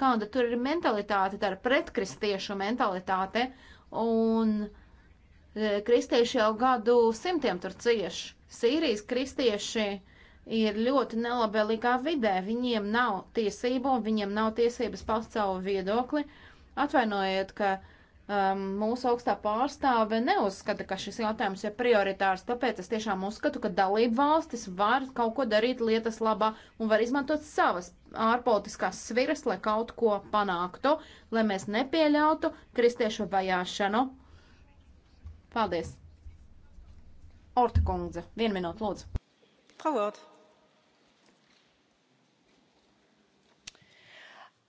kāda tur ir mentalitāte, tā ir pretkristiešu mentalitāte, un e, kristieši jau gadu simtiem tur cieš. Sīrijas kristieši ir ļoti nelabvēlīgā vidē, viņiem nav tiesību, viņiem nav tiesības paust savu viedokli. Atvainojiet, ka uh, um, mūsu augstā pārstāve neuzskata, ka šis jautājums ir prioritārs. Tāpēc es tiešām uzskatu, ka dalību valstis var kaut ko darīt lietas labā un var izmantot savas ārpolitiskās sviras, lai kaut ko panāktu, lai mēs nepieļautu kristiešu vajāšanu. Paldies! Orta kundze, vienu minūtu lūdzu. Pavot.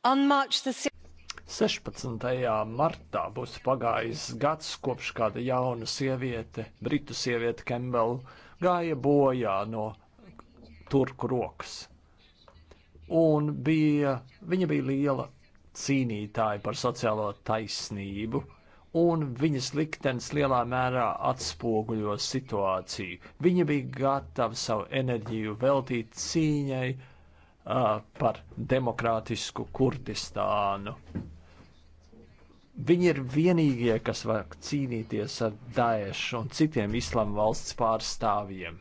On March the 6th. 16. martā būs pagājis gads, kopš kāda jauna sieviete, britu sieviete Kembela, gāja bojā no turku rokas. Un bija, viņa bija liela cīnītāja par sociālo taisnību, un viņas liktenis lielā mērā atspoguļo situāciju. Viņa bija gatava savu enerģiju veltīt cīņai par demokrātisku Kurdistānu. Viņi ir vienīgie, kas var cīnīties ar Daešu un citiem islāma valsts pārstāvjiem.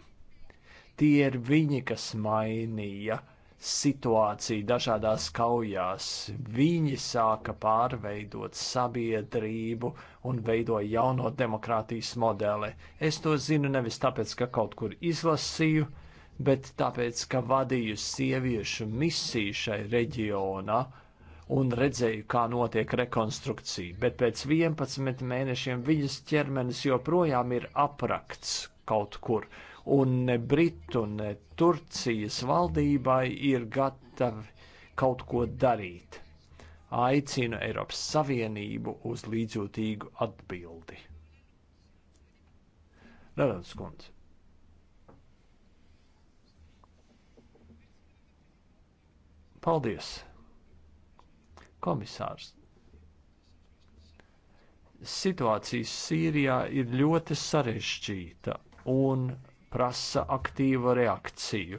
Tie ir viņi, kas mainīja situāciju dažādās kaujās. Viņi sāka pārveidot sabiedrību un veidoja jauno demokrātijas modeli. Es to zinu nevis tāpēc, ka kaut kur izlasīju, bet tāpēc, ka vadīju sieviešu misiju šai reģionā un redzēju, kā notiek rekonstrukcija. Bet pēc 11 mēnešiem viņas ķermenis joprojām ir aprakts kaut kur, un ne Britu, ne Turcijas valdībai ir gatavi kaut ko darīt aicinu Eiropas Savienību uz līdzjūtīgu atbildi. Redzams, kundze. Paldies! Komisārs! Situācija Sīrijā ir ļoti sarežģīta un prasa aktīvu reakciju.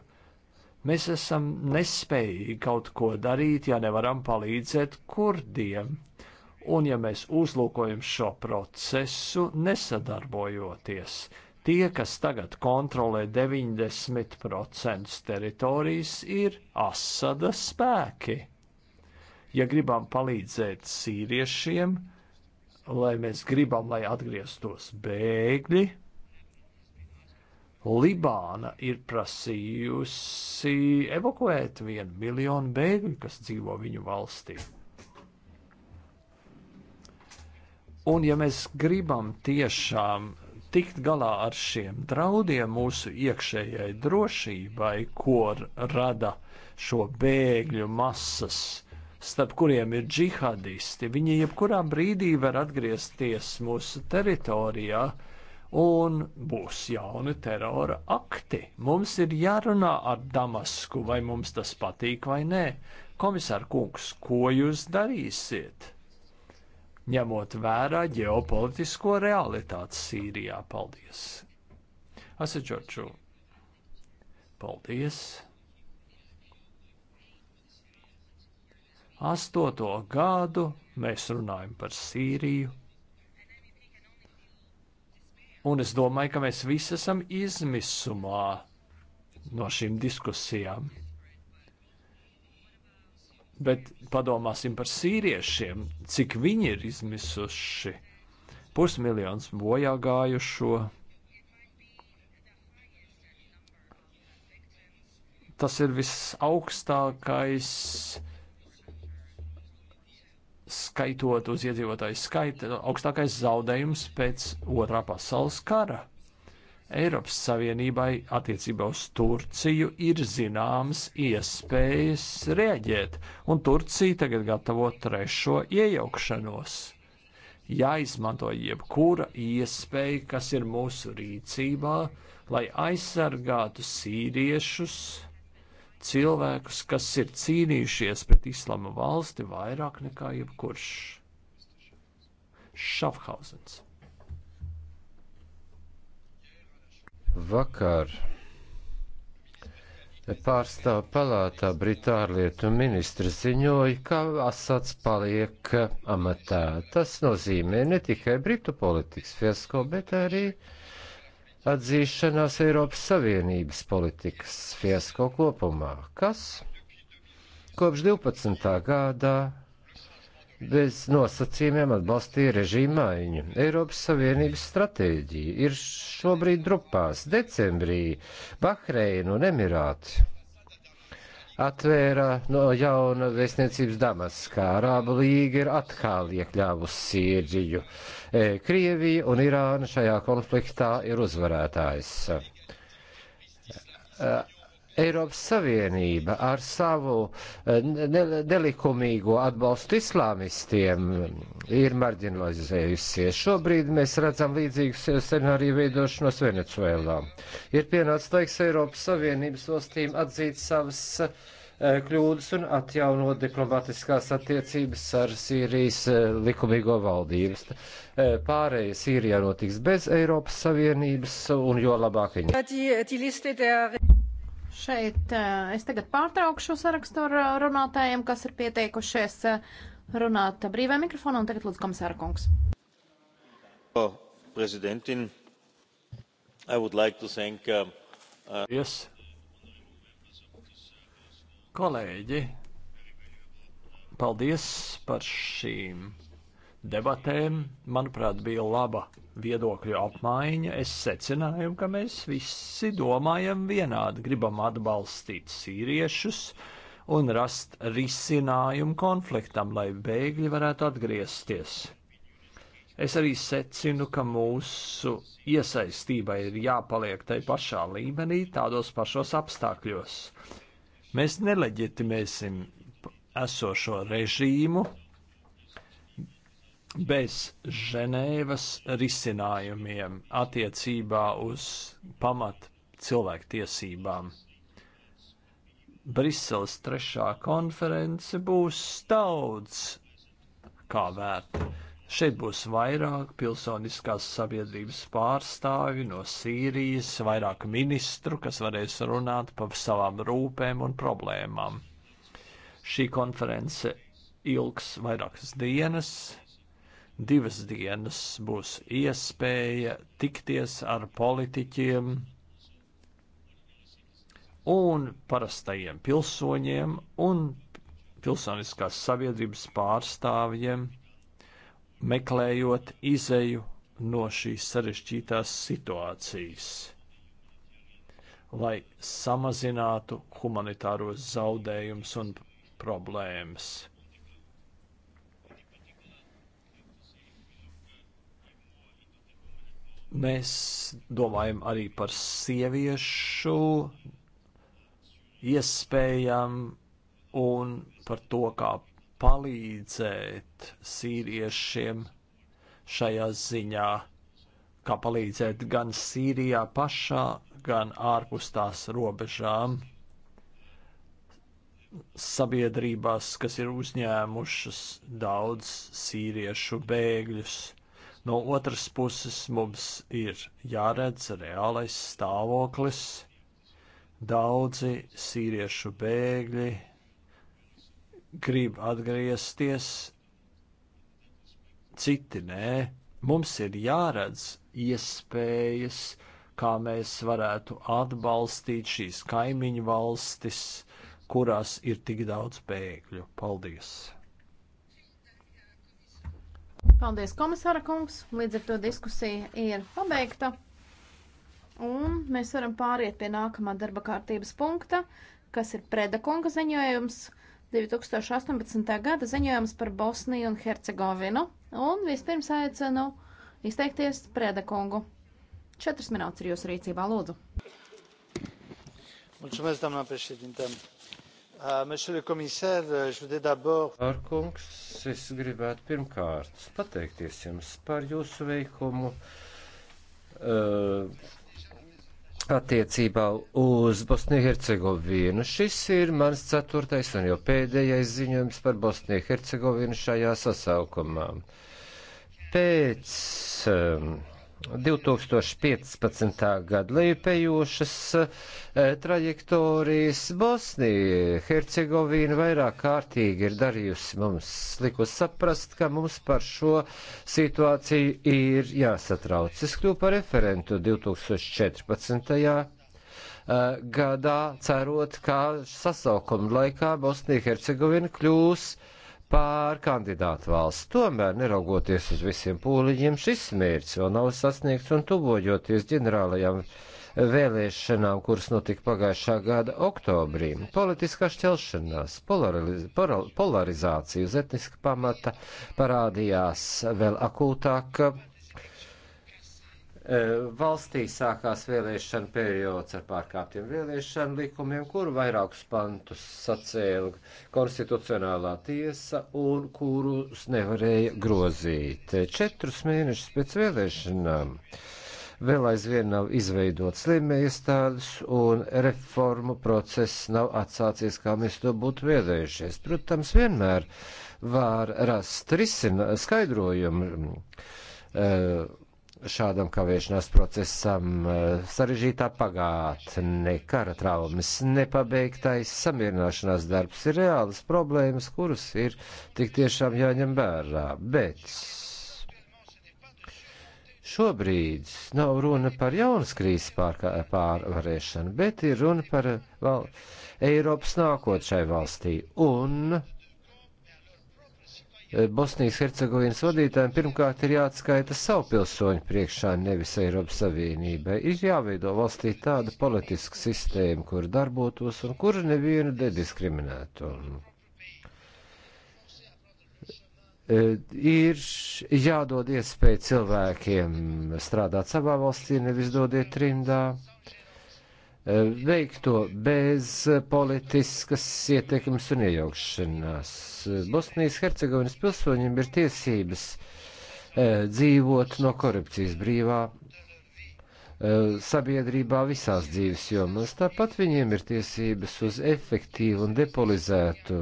Mēs esam nespējīgi kaut ko darīt, ja nevaram palīdzēt kurdiem, un ja mēs uzlūkojam šo procesu, nesadarbojoties, Tie, kas tagad kontrolē 90% teritorijas, ir Asada spēki. Ja gribam palīdzēt sīriešiem, lai mēs gribam, lai atgrieztos bēgļi, Libāna ir prasījusi evakuēt vienu miljonu bēgļu, kas dzīvo viņu valstī. Un, ja mēs gribam tiešām tikt galā ar šiem draudiem mūsu iekšējai drošībai, ko rada šo bēgļu masas, starp kuriem ir džihadisti. Viņi jebkurā brīdī var atgriezties mūsu teritorijā un būs jauni terora akti. Mums ir jārunā ar Damasku, vai mums tas patīk vai nē. Komisār kungs, ko jūs darīsiet? ņemot vērā ģeopolitisko realitāti Sīrijā. Paldies! Asačoču, paldies! Astoto gadu mēs runājam par Sīriju, un es domāju, ka mēs visi esam izmisumā no šīm diskusijām. Bet padomāsim par sīviešiem, cik viņi ir izmisuši. Pusmiljons bojā gājušo. Tas ir visaugstākais skaitot uz iedzīvotāju skaitu, augstākais zaudējums pēc otrā pasaules kara. Eiropas Savienībai attiecībā uz Turciju ir zināmas iespējas rēģēt, un Turcija tagad gatavo trešo iejaukšanos. Jāizmanto jebkura iespēja, kas ir mūsu rīcībā, lai aizsargātu sīriešus, cilvēkus, kas ir cīnījušies pret islama valsti vairāk nekā jebkurš. Šafhauzens. Vakar pārstāv palātā Britārlietu ministra ziņoja, ka Asats paliek amatā. Tas nozīmē ne tikai Britu politikas fiasko, bet arī atzīšanās Eiropas Savienības politikas fiasko kopumā, kas kopš 12. gadā bez nosacījumiem atbalstīja režīmu maiņu. Eiropas Savienības stratēģija ir šobrīd drupās. Decembrī Bahreinu un Emirāti atvēra no jauna vēstniecības Damaskā. Arābu līga ir atkal iekļāvusi Sīriju. E, Krievija un Irāna šajā konfliktā ir uzvarētājs. E, Eiropas Savienība ar savu eh, nelikumīgo atbalstu islāmistiem eh, ir marginalizējusies. Šobrīd mēs redzam līdzīgu scenāriju veidošanos Venecuēlā. Ir pienācis laiks Eiropas Savienības valstīm atzīt savas eh, kļūdas un atjaunot diplomatiskās attiecības ar Sīrijas likumīgo valdības. Pārējie Sīrijā notiks bez Eiropas Savienības un jo labāk viņi. Šeit eh, es tagad pārtraukšu sarakstu ar eh, runātājiem, kas ir pieteikušies eh, runāt brīvā mikrofonā, un tagad lūdzu komisāra kungs. Oh, prezidentin, I would like to thank. Uh, uh... Yes. Kolēģi, paldies par šīm debatēm. Manuprāt, bija laba viedokļu apmaiņa, es secināju, ka mēs visi domājam vienādi, gribam atbalstīt sīriešus un rast risinājumu konfliktam, lai bēgļi varētu atgriezties. Es arī secinu, ka mūsu iesaistībai ir jāpaliek tai pašā līmenī, tādos pašos apstākļos. Mēs neleģitimēsim esošo režīmu, bez Ženēvas risinājumiem attiecībā uz pamat cilvēktiesībām. Briseles trešā konference būs daudz kā vērta. Šeit būs vairāk pilsoniskās sabiedrības pārstāvi no Sīrijas, vairāk ministru, kas varēs runāt par savām rūpēm un problēmām. Šī konference ilgs vairākas dienas, Divas dienas būs iespēja tikties ar politiķiem un parastajiem pilsoņiem un pilsoniskās sabiedrības pārstāvjiem, meklējot izeju no šīs sarežģītās situācijas, lai samazinātu humanitāros zaudējumus un problēmas. Mēs domājam arī par sieviešu iespējām un par to, kā palīdzēt sīviešiem šajā ziņā, kā palīdzēt gan Sīrijā pašā, gan ārpus tās robežām sabiedrībās, kas ir uzņēmušas daudz sīviešu bēgļus No otras puses mums ir jāredz reālais stāvoklis. Daudzi sīriešu bēgļi grib atgriezties, citi nē. Mums ir jāredz iespējas, kā mēs varētu atbalstīt šīs kaimiņu valstis, kurās ir tik daudz bēgļu. Paldies! Paldies, komisāra kungs. Līdz ar to diskusija ir pabeigta. Un mēs varam pāriet pie nākamā darba kārtības punkta, kas ir Preda kunga ziņojums 2018. gada ziņojums par Bosniju un Hercegovinu. Un vispirms aicinu izteikties Preda kungu. Četras minūtes ir jūsu rīcībā, lūdzu. Mulțumesc, doamna președintă. Pārkungs, euh, euh, es gribētu pirmkārt pateikties jums par jūsu veikumu uh, attiecībā uz Bosniju-Hercegovinu. Šis ir mans ceturtais un jau pēdējais ziņojums par Bosniju-Hercegovinu šajā sasaukumā. Pēc um, uh, 2015. gada lejupējošas eh, trajektorijas Bosnija. Hercegovina vairāk kārtīgi ir darījusi mums liku saprast, ka mums par šo situāciju ir jāsatrauc. Es kļūpu par referentu 2014 eh, gadā, cerot, ka sasaukuma laikā Bosnija-Hercegovina kļūs uh, pār kandidātu valsts. Tomēr, neraugoties uz visiem pūliņiem, šis mērķis vēl nav sasniegts un tuvojoties ģenerālajām vēlēšanām, kuras notika pagājušā gada oktobrī. Politiskā šķelšanās, polariz polarizācija uz etniska pamata parādījās vēl akūtāk Eh, valstī sākās vēlēšana periods ar pārkāptiem vēlēšanu likumiem, kuru vairākus pantus sacēla konstitucionālā tiesa un kurus nevarēja grozīt. Eh, četrus mēnešus pēc vēlēšanām vēl aizvien nav izveidot slimējiestādes un reformu process nav atsācies, kā mēs to būtu vēlējušies. Protams, vienmēr var rast risina skaidrojumu. Uh, šādam kavēšanās procesam eh, sarežģītā pagātne, kara traumas, nepabeigtais samierināšanās darbs ir reālas problēmas, kuras ir tik tiešām jāņem vērā. Bet šobrīd nav runa par jaunas krīzes pārvarēšanu, bet ir runa par val, Eiropas nākotšai valstī. Un Bosnijas Hercegovinas vadītājiem pirmkārt ir jāatskaita savu pilsoņu priekšā, nevis Eiropas Savienībai. Ir jāveido valstī tāda politiska sistēma, kur darbotos un kura nevienu nediskriminētu. E, ir jādod iespēja cilvēkiem strādāt savā valstī, nevis dodiet trimdā veikto bez politiskas ietekmes un iejaukšanās. Bosnijas Hercegovinas pilsoņiem ir tiesības eh, dzīvot no korupcijas brīvā eh, sabiedrībā visās dzīves jomās. Tāpat viņiem ir tiesības uz efektīvu un depolizētu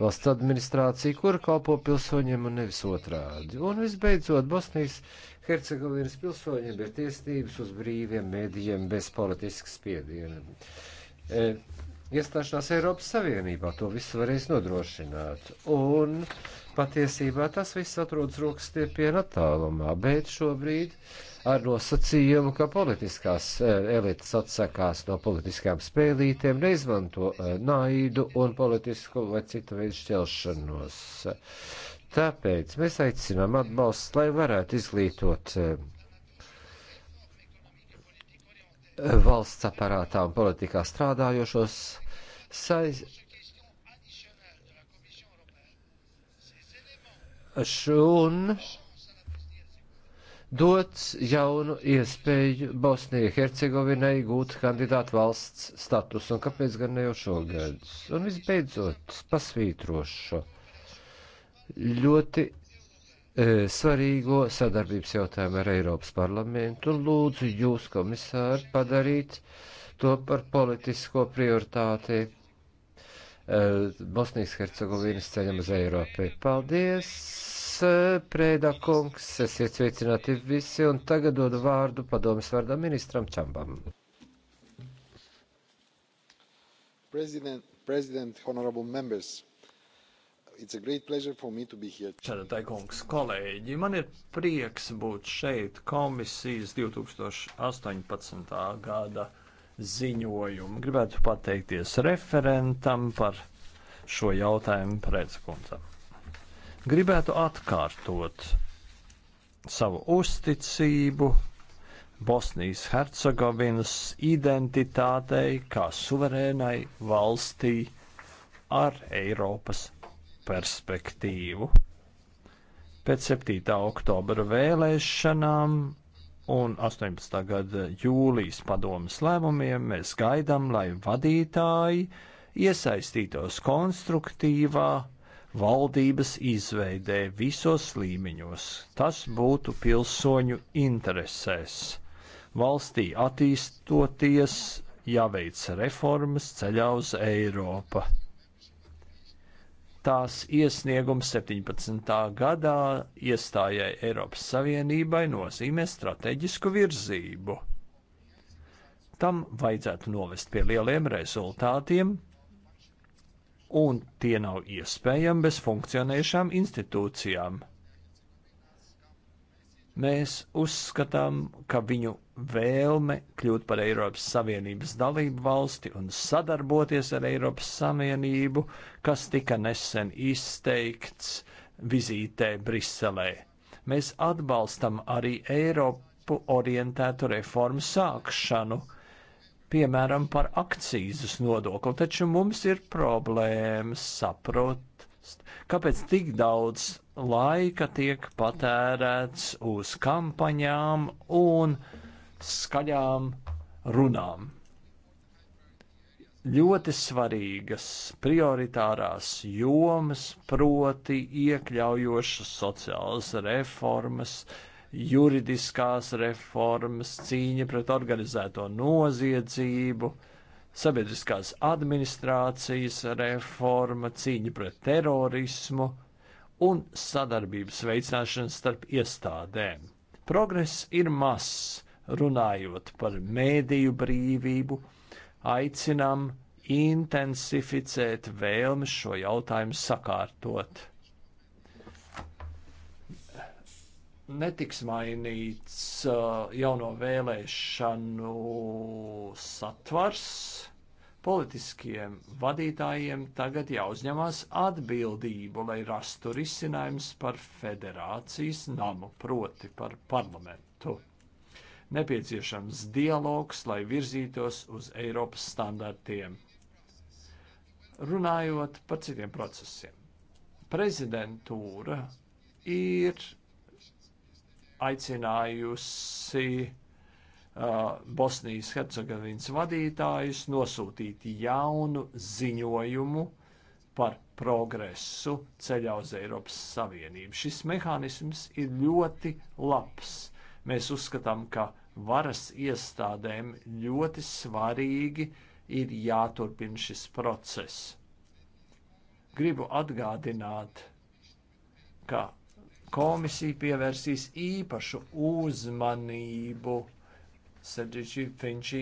valsts administrāciju, kura kalpo pilsoņiem un nevis otrādi. Un visbeidzot, Bosnijas Hercegovinas pilsoņiem ir tiesības uz brīviem mēdījiem bez politiskas spiediena. E, iestāšanās Eiropas Savienībā to visu varēs nodrošināt. Un patiesībā tas viss atrodas rokas stiepienā attālumā, bet šobrīd ar nosacījumu, ka politiskās e, elites atsakās no politiskām spēlītēm, neizmanto e, naidu un politisku vai citu veidu šķelšanos. Tāpēc mēs aicinām atbalsts, lai varētu izglītot eh, valsts aparātā un politikā strādājošos saiz... un dot jaunu iespēju Bosnijai Hercegovinai gūt kandidātu valsts status, un kāpēc gan ne jau šogad? Un visbeidzot, pasvītrošu ļoti e, svarīgo sadarbības jautājumu ar Eiropas parlamentu un lūdzu jūs, komisāri, padarīt to par politisko prioritāti e, Bosnijas Hercegovinas ceļam uz Eiropu. Paldies, e, Prēda kungs, esiet sveicināti visi un tagad dodu vārdu padomis vārdā ministram Čambam. President, President, honorable members. Šādatai kungs, kolēģi, man ir prieks būt šeit komisijas 2018. gada ziņojumu. Gribētu pateikties referentam par šo jautājumu pretskundzam. Gribētu atkārtot savu uzticību Bosnijas Hercegovinas identitātei kā suverēnai valstī ar Eiropas perspektīvu. Pēc 7. oktobra vēlēšanām un 18. gada jūlijas padomas lēmumiem mēs gaidām, lai vadītāji iesaistītos konstruktīvā valdības izveidē visos līmeņos. Tas būtu pilsoņu interesēs. Valstī attīstoties, jāveic reformas ceļā uz Eiropu tās iesniegums 17. gadā iestājai Eiropas Savienībai nozīmē strateģisku virzību. Tam vajadzētu novest pie lieliem rezultātiem, un tie nav iespējami bez funkcionējušām institūcijām. Mēs uzskatām, ka viņu vēlme kļūt par Eiropas Savienības dalību valsti un sadarboties ar Eiropas Savienību, kas tika nesen izteikts vizītē Briselē. Mēs atbalstam arī Eiropu orientētu reformu sākšanu, piemēram, par akcijas nodokli, taču mums ir problēmas saprot, kāpēc tik daudz laika tiek patērēts uz kampaņām un skaļām runām. Ļoti svarīgas prioritārās jomas, proti iekļaujošas sociālas reformas, juridiskās reformas, cīņa pret organizēto noziedzību, sabiedriskās administrācijas reforma, cīņa pret terorismu – un sadarbības veicināšana starp iestādēm. Progress ir mazs, runājot par mēdīju brīvību, aicinām intensificēt vēlmi šo jautājumu sakārtot. Netiks mainīts uh, jauno vēlēšanu satvars politiskiem vadītājiem tagad jāuzņemās atbildību, lai rastu risinājums par federācijas namu, proti par parlamentu. Nepieciešams dialogs, lai virzītos uz Eiropas standartiem. Runājot par citiem procesiem, prezidentūra ir aicinājusi Bosnijas Hercegovinas vadītājus nosūtīt jaunu ziņojumu par progresu ceļā uz Eiropas Savienību. Šis mehānisms ir ļoti labs. Mēs uzskatām, ka varas iestādēm ļoti svarīgi ir jāturpina šis process. Gribu atgādināt, ka komisija pievērsīs īpašu uzmanību sevišķi Finčī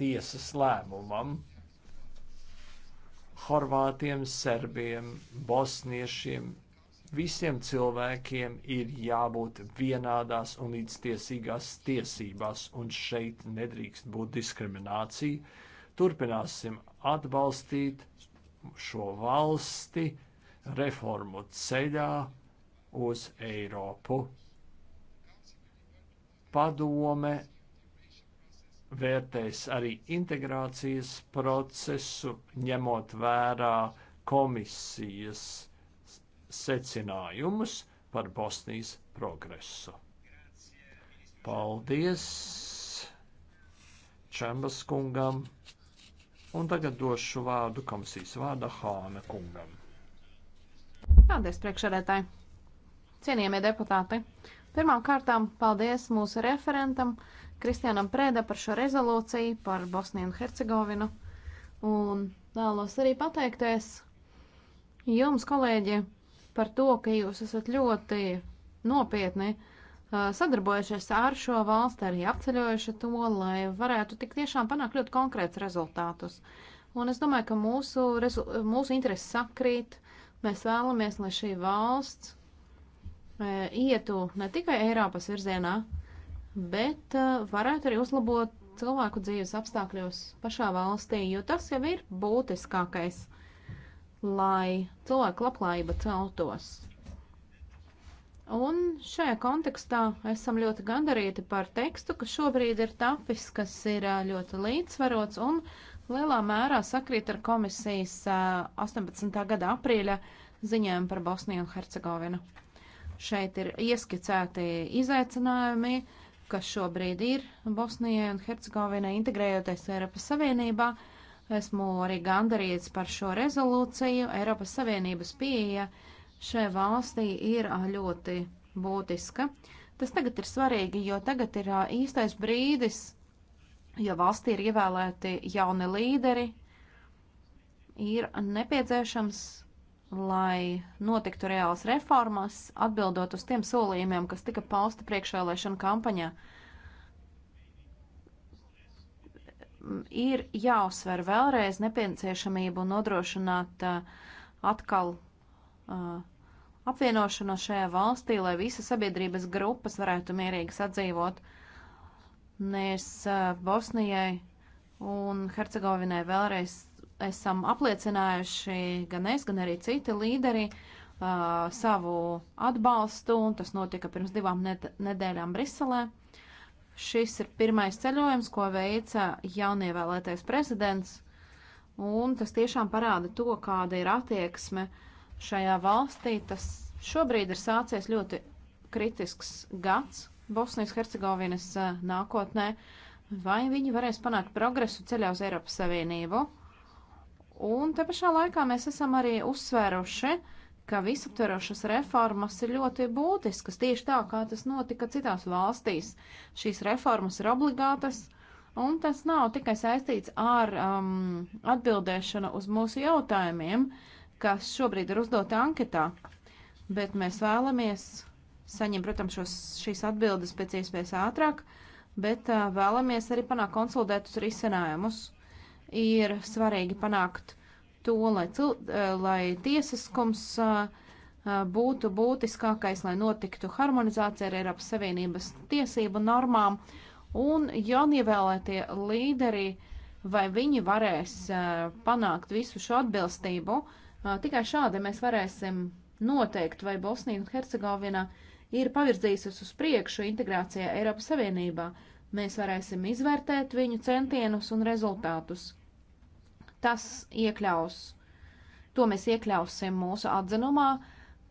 tiesas lēmumam. Horvātiem, serbiem, bosniešiem, visiem cilvēkiem ir jābūt vienādās un līdztiesīgās tiesībās, un šeit nedrīkst būt diskriminācija. Turpināsim atbalstīt šo valsti reformu ceļā uz Eiropu. Padome vērtēs arī integrācijas procesu, ņemot vērā komisijas secinājumus par Bosnijas progresu. Paldies Čembas kungam, un tagad došu vārdu komisijas vārda Hāna kungam. Paldies, priekšsēdētāji! Cienījamie deputāti! Pirmām kārtām paldies mūsu referentam Kristianam Prēda par šo rezolūciju, par Bosniju un Hercegovinu. Un vēlos arī pateikties jums, kolēģi, par to, ka jūs esat ļoti nopietni sadarbojušies ar šo valsti, arī apceļojuši to, lai varētu tik tiešām panākt ļoti konkrēts rezultātus. Un es domāju, ka mūsu, mūsu intereses sakrīt. Mēs vēlamies, lai šī valsts e, ietu ne tikai Eiropas virzienā, bet eh, varētu arī uzlabot cilvēku dzīves apstākļos pašā valstī, jo tas jau ir būtiskākais, lai cilvēku labklājība celtos. Un šajā kontekstā esam ļoti gandarīti par tekstu, kas šobrīd ir tapis, kas ir eh, ļoti līdzsvarots un lielā mērā sakrīt ar komisijas 18. Eh, gada aprīļa ziņojumu par Bosniju un Hercegovinu. Šeit ir ieskicēti izaicinājumi, uh, kas šobrīd ir Bosnijai un Hercegovinai integrējoties Eiropas Savienībā. Esmu arī gandarīts par šo rezolūciju. Eiropas Savienības pieeja šai valstī ir ļoti būtiska. Tas tagad ir svarīgi, jo tagad ir īstais brīdis, jo valstī ir ievēlēti jauni līderi. Ir nepieciešams lai notiktu reāls reformas, atbildot uz tiem solījumiem, kas tika pausti priekšvēlēšana kampaņā. Ir jāuzsver vēlreiz nepieciešamību nodrošināt uh, atkal uh, apvienošanos šajā valstī, lai visas sabiedrības grupas varētu mierīgi sadzīvot. Mēs uh, Bosnijai un Hercegovinai vēlreiz esam apliecinājuši gan es, gan arī citi līderi uh, savu atbalstu, un tas notika pirms divām ned nedēļām Briselē. Šis ir pirmais ceļojums, ko veica jaunievēlētais prezidents, un tas tiešām parāda to, kāda ir attieksme šajā valstī. Tas šobrīd ir sācies ļoti kritisks gads Bosnijas Hercegovinas uh, nākotnē. Vai viņi varēs panākt progresu ceļā uz Eiropas Savienību? Un te pašā laikā mēs esam arī uzsvēruši, ka visaptverošas reformas ir ļoti būtiskas, tieši tā, kā tas notika citās valstīs. Šīs reformas ir obligātas, un tas nav tikai saistīts ar um, atbildēšanu uz mūsu jautājumiem, kas šobrīd ir uzdoti anketā, bet mēs vēlamies saņemt, protams, šos, šīs atbildes pēc iespējas ātrāk, bet uh, vēlamies arī panākt konsolidētus risinājumus ir svarīgi panākt to, lai, cil, eh, lai tiesiskums eh, būtu būtiskākais, lai notiktu harmonizācija ar Eiropas Savienības tiesību normām, un jaunievēlētie līderi, vai viņi varēs eh, panākt visu šo atbilstību, tikai šādi mēs varēsim noteikt, vai Bosnija un Hercegovina ir pavirzījusies uz priekšu integrācijā Eiropas Savienībā. Mēs varēsim izvērtēt viņu centienus un rezultātus tas iekļaus, to mēs iekļausim mūsu atzinumā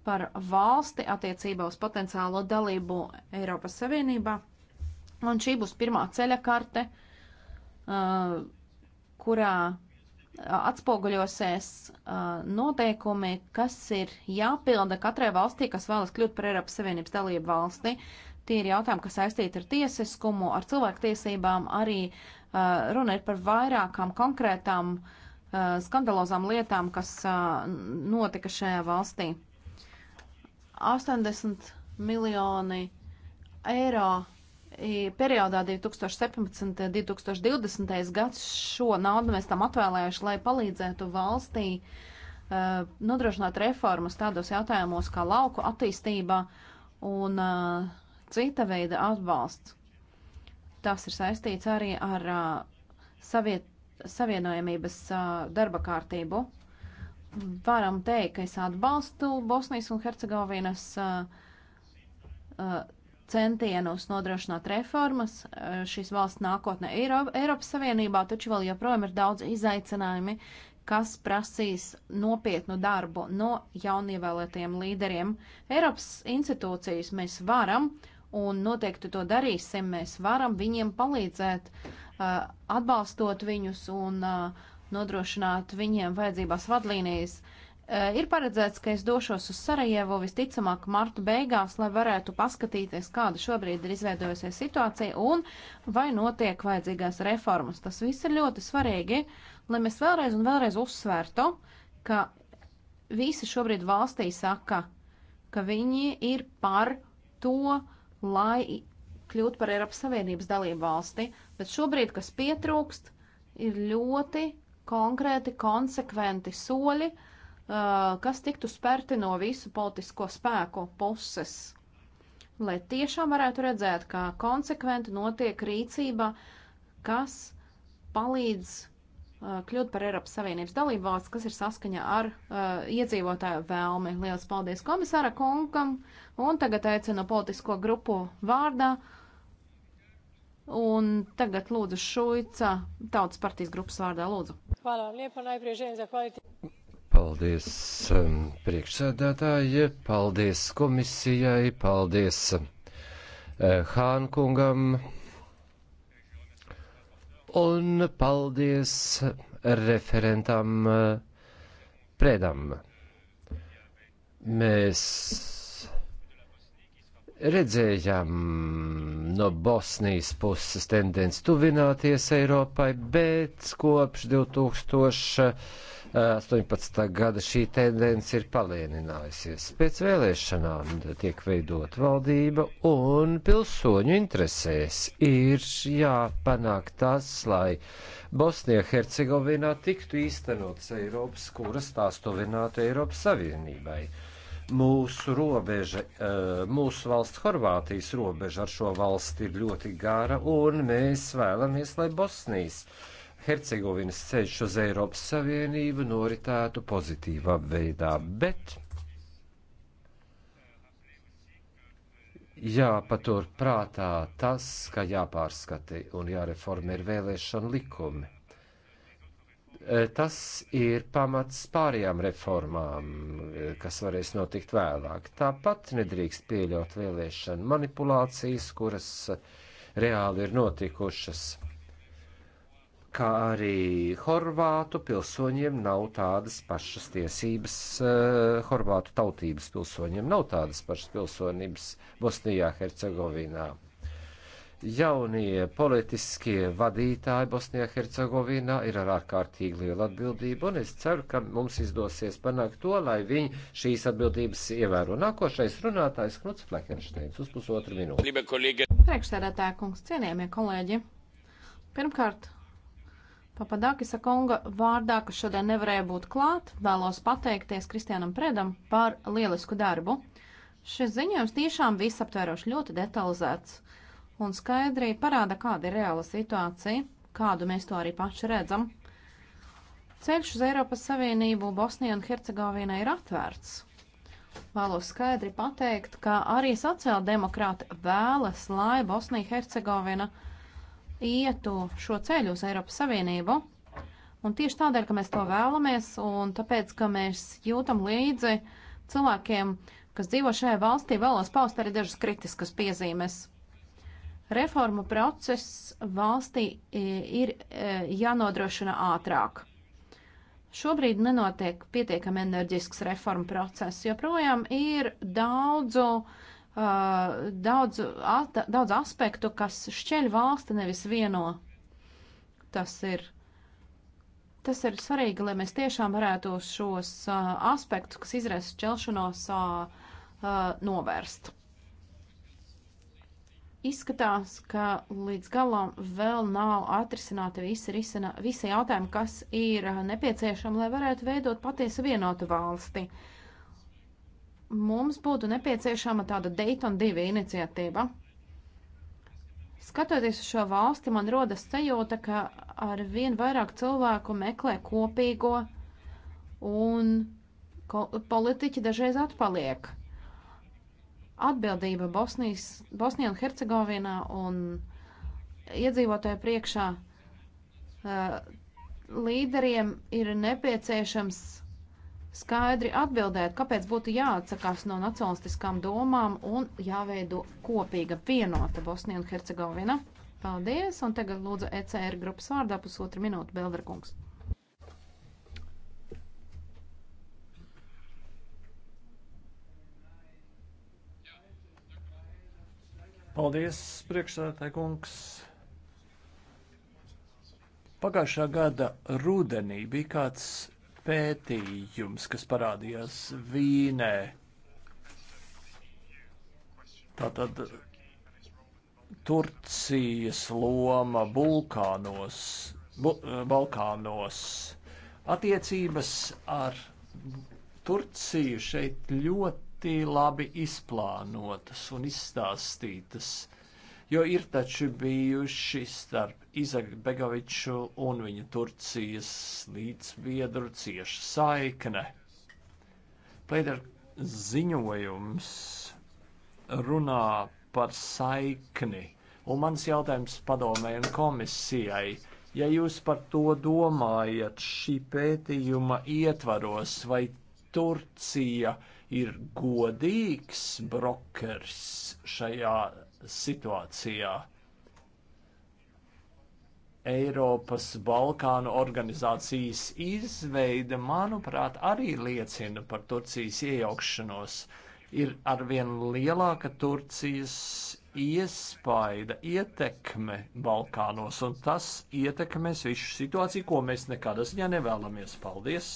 par valsti attiecībā uz potenciālo dalību Eiropas Savienībā. Un šī būs pirmā ceļa karte, uh, kurā atspoguļosies uh, noteikumi, kas ir jāpilda katrai valstī, kas vēlas kļūt par Eiropas Savienības dalību valsti. Tie ir jautājumi, kas saistīti ar tiesiskumu, ar cilvēktiesībām, arī Eh, runa ir par vairākām konkrētām eh, skandalozām lietām, kas eh, notika šajā valstī. 80 miljoni eiro periodā 2017-2020 gads šo naudu mēs tam atvēlējuši, lai palīdzētu valstī uh, nodrošināt reformas tādos jautājumos kā lauku attīstība un uh, cita veida atbalsts tas ir saistīts arī ar saviet, savienojamības darba kārtību. Varam teikt, ka es atbalstu Bosnijas un Hercegovinas centienus nodrošināt reformas. Šīs valsts nākotne ir Eiropas Savienībā, taču vēl joprojām ir daudz izaicinājumi, kas prasīs nopietnu darbu no jaunievēlētiem līderiem. Eiropas institūcijas mēs varam uh, un noteikti to darīsim. Mēs varam viņiem palīdzēt, uh, atbalstot viņus un uh, nodrošināt viņiem vajadzībās vadlīnijas. Uh, ir paredzēts, ka es došos uz Sarajevu visticamāk marta beigās, lai varētu paskatīties, kāda šobrīd ir izveidojusies situācija un vai notiek vajadzīgās reformas. Tas viss ir ļoti svarīgi, lai mēs vēlreiz un vēlreiz uzsvērtu, ka visi šobrīd valstī saka, ka viņi ir par to, uh, lai kļūtu par Eiropas Savienības dalību valsti, bet šobrīd, kas pietrūkst, ir ļoti konkrēti, konsekventi soļi, uh, kas tiktu spērti no visu politisko spēku puses, lai tiešām varētu redzēt, kā konsekventi notiek rīcība, kas palīdz Uh, kļūt par Eiropas Savienības dalību valsts, kas ir saskaņa ar uh, iedzīvotāju vēlmi. Lielas paldies komisāra kungam, un tagad aicinu politisko grupu vārdā, un tagad lūdzu Šuica, tautas partijas grupas vārdā, lūdzu. Paldies um, priekšsēdētāji, paldies komisijai, paldies uh, Hānkungam. kungam Un paldies referentam eh, Predam. Mēs redzējām no Bosnijas puses tendenci tuvināties Eiropai, bet kopš 2018. gada šī tendence ir palieninājusies. Pēc vēlēšanām tiek veidot valdība un pilsoņu interesēs ir jāpanāk tas, lai Bosnijā Hercegovinā tiktu īstenots Eiropas, kuras tās tuvinātu Eiropas Savienībai. Mūsu robeža, eh, mūsu valsts Horvātijas robeža ar šo valsti ir ļoti gara, un mēs vēlamies, lai Bosnijas Hercegovinas ceļš uz Eiropas Savienību noritētu pozitīvā veidā, bet jāpatur prātā tas, ka jāpārskati un jāreformē ir vēlēšana likumi. Eh, tas ir pamats pārējām reformām, eh, kas varēs notikt vēlāk. Tāpat nedrīkst pieļaut vēlēšanu manipulācijas, kuras eh, reāli ir notikušas kā arī horvātu pilsoņiem nav tādas pašas tiesības, uh, horvātu tautības pilsoņiem nav tādas pašas pilsonības Bosnijā, Hercegovinā jaunie politiskie vadītāji Bosnijā Hercegovinā ir ar ārkārtīgi lielu atbildību, un es ceru, ka mums izdosies panākt to, lai viņi šīs atbildības ievēro. Nākošais runātājs Knuts Flekensteins uz pusotru minūti. Priekšsēdētāja kungs, cienījamie kolēģi, pirmkārt, Papadākisa kunga vārdā, kas šodien nevarēja būt klāt, vēlos pateikties Kristianam Predam par lielisku darbu. Šis ziņojums tiešām visaptveroši ļoti detalizēts. Uh, un skaidri parāda, kāda ir reāla situācija, kādu mēs to arī paši redzam. Ceļš uz Eiropas Savienību Bosnijā un Hercegovīnā ir atvērts. Vēlos skaidri pateikt, ka arī sociāldemokrāti vēlas, lai Bosnija Hercegovina ietu šo ceļu uz Eiropas Savienību. Un tieši tādēļ, ka mēs to vēlamies un tāpēc, ka mēs jūtam līdzi cilvēkiem, kas dzīvo šajā valstī, vēlos paust arī dažas kritiskas piezīmes. Reformu process valstī e, ir e, jānodrošina ātrāk. Šobrīd nenotiek pietiekami enerģisks reformu process, joprojām ir daudzu uh, e, daudz, at, daudz aspektu, kas šķeļ valsti nevis vieno. Tas ir, tas ir svarīgi, lai mēs tiešām varētu šos uh, aspektus, kas izraisa šķelšanos, uh, uh, novērst izskatās, ka līdz galam vēl nav atrisināti visi, risina, visi jautājumi, kas ir eh, nepieciešami, lai varētu veidot patiesu vienotu valsti. Mums būtu nepieciešama tāda Dayton 2 iniciatīva. Skatoties uz šo valsti, man rodas sajūta, ka ar vien vairāk cilvēku meklē kopīgo un politiķi dažreiz atpaliek atbildība Bosnijas, Bosnijā un Hercegovinā un iedzīvotāju priekšā uh, līderiem ir nepieciešams skaidri atbildēt, kāpēc būtu jāatsakās no nacionalistiskām domām un jāveido kopīga vienota Bosnija un Hercegovina. Paldies, un tagad lūdzu ECR grupas vārdā pusotru minūtu Belderkungs. Paldies, priekšsēdētāji kungs. Pagājušā gada rudenī bija kāds pētījums, kas parādījās Vīnē. Tātad Turcijas loma Balkānos, bu, Balkānos. Attiecības ar Turciju šeit ļoti ļoti labi izplānotas un izstāstītas, jo ir taču bijuši starp Izakbegoviču un viņa Turcijas līdzbiedru cieša saikne. Plēder ziņojums runā par saikni. Un mans jautājums padomē un komisijai, ja jūs par to domājat šī pētījuma ietvaros, vai Turcija ir godīgs brokers šajā situācijā. Eiropas Balkānu organizācijas izveide, manuprāt, arī liecina par Turcijas iejaukšanos. Ir arvien lielāka Turcijas iespaida, ietekme Balkānos, un tas ietekmēs visu situāciju, ko mēs nekādā ziņā nevēlamies. Paldies!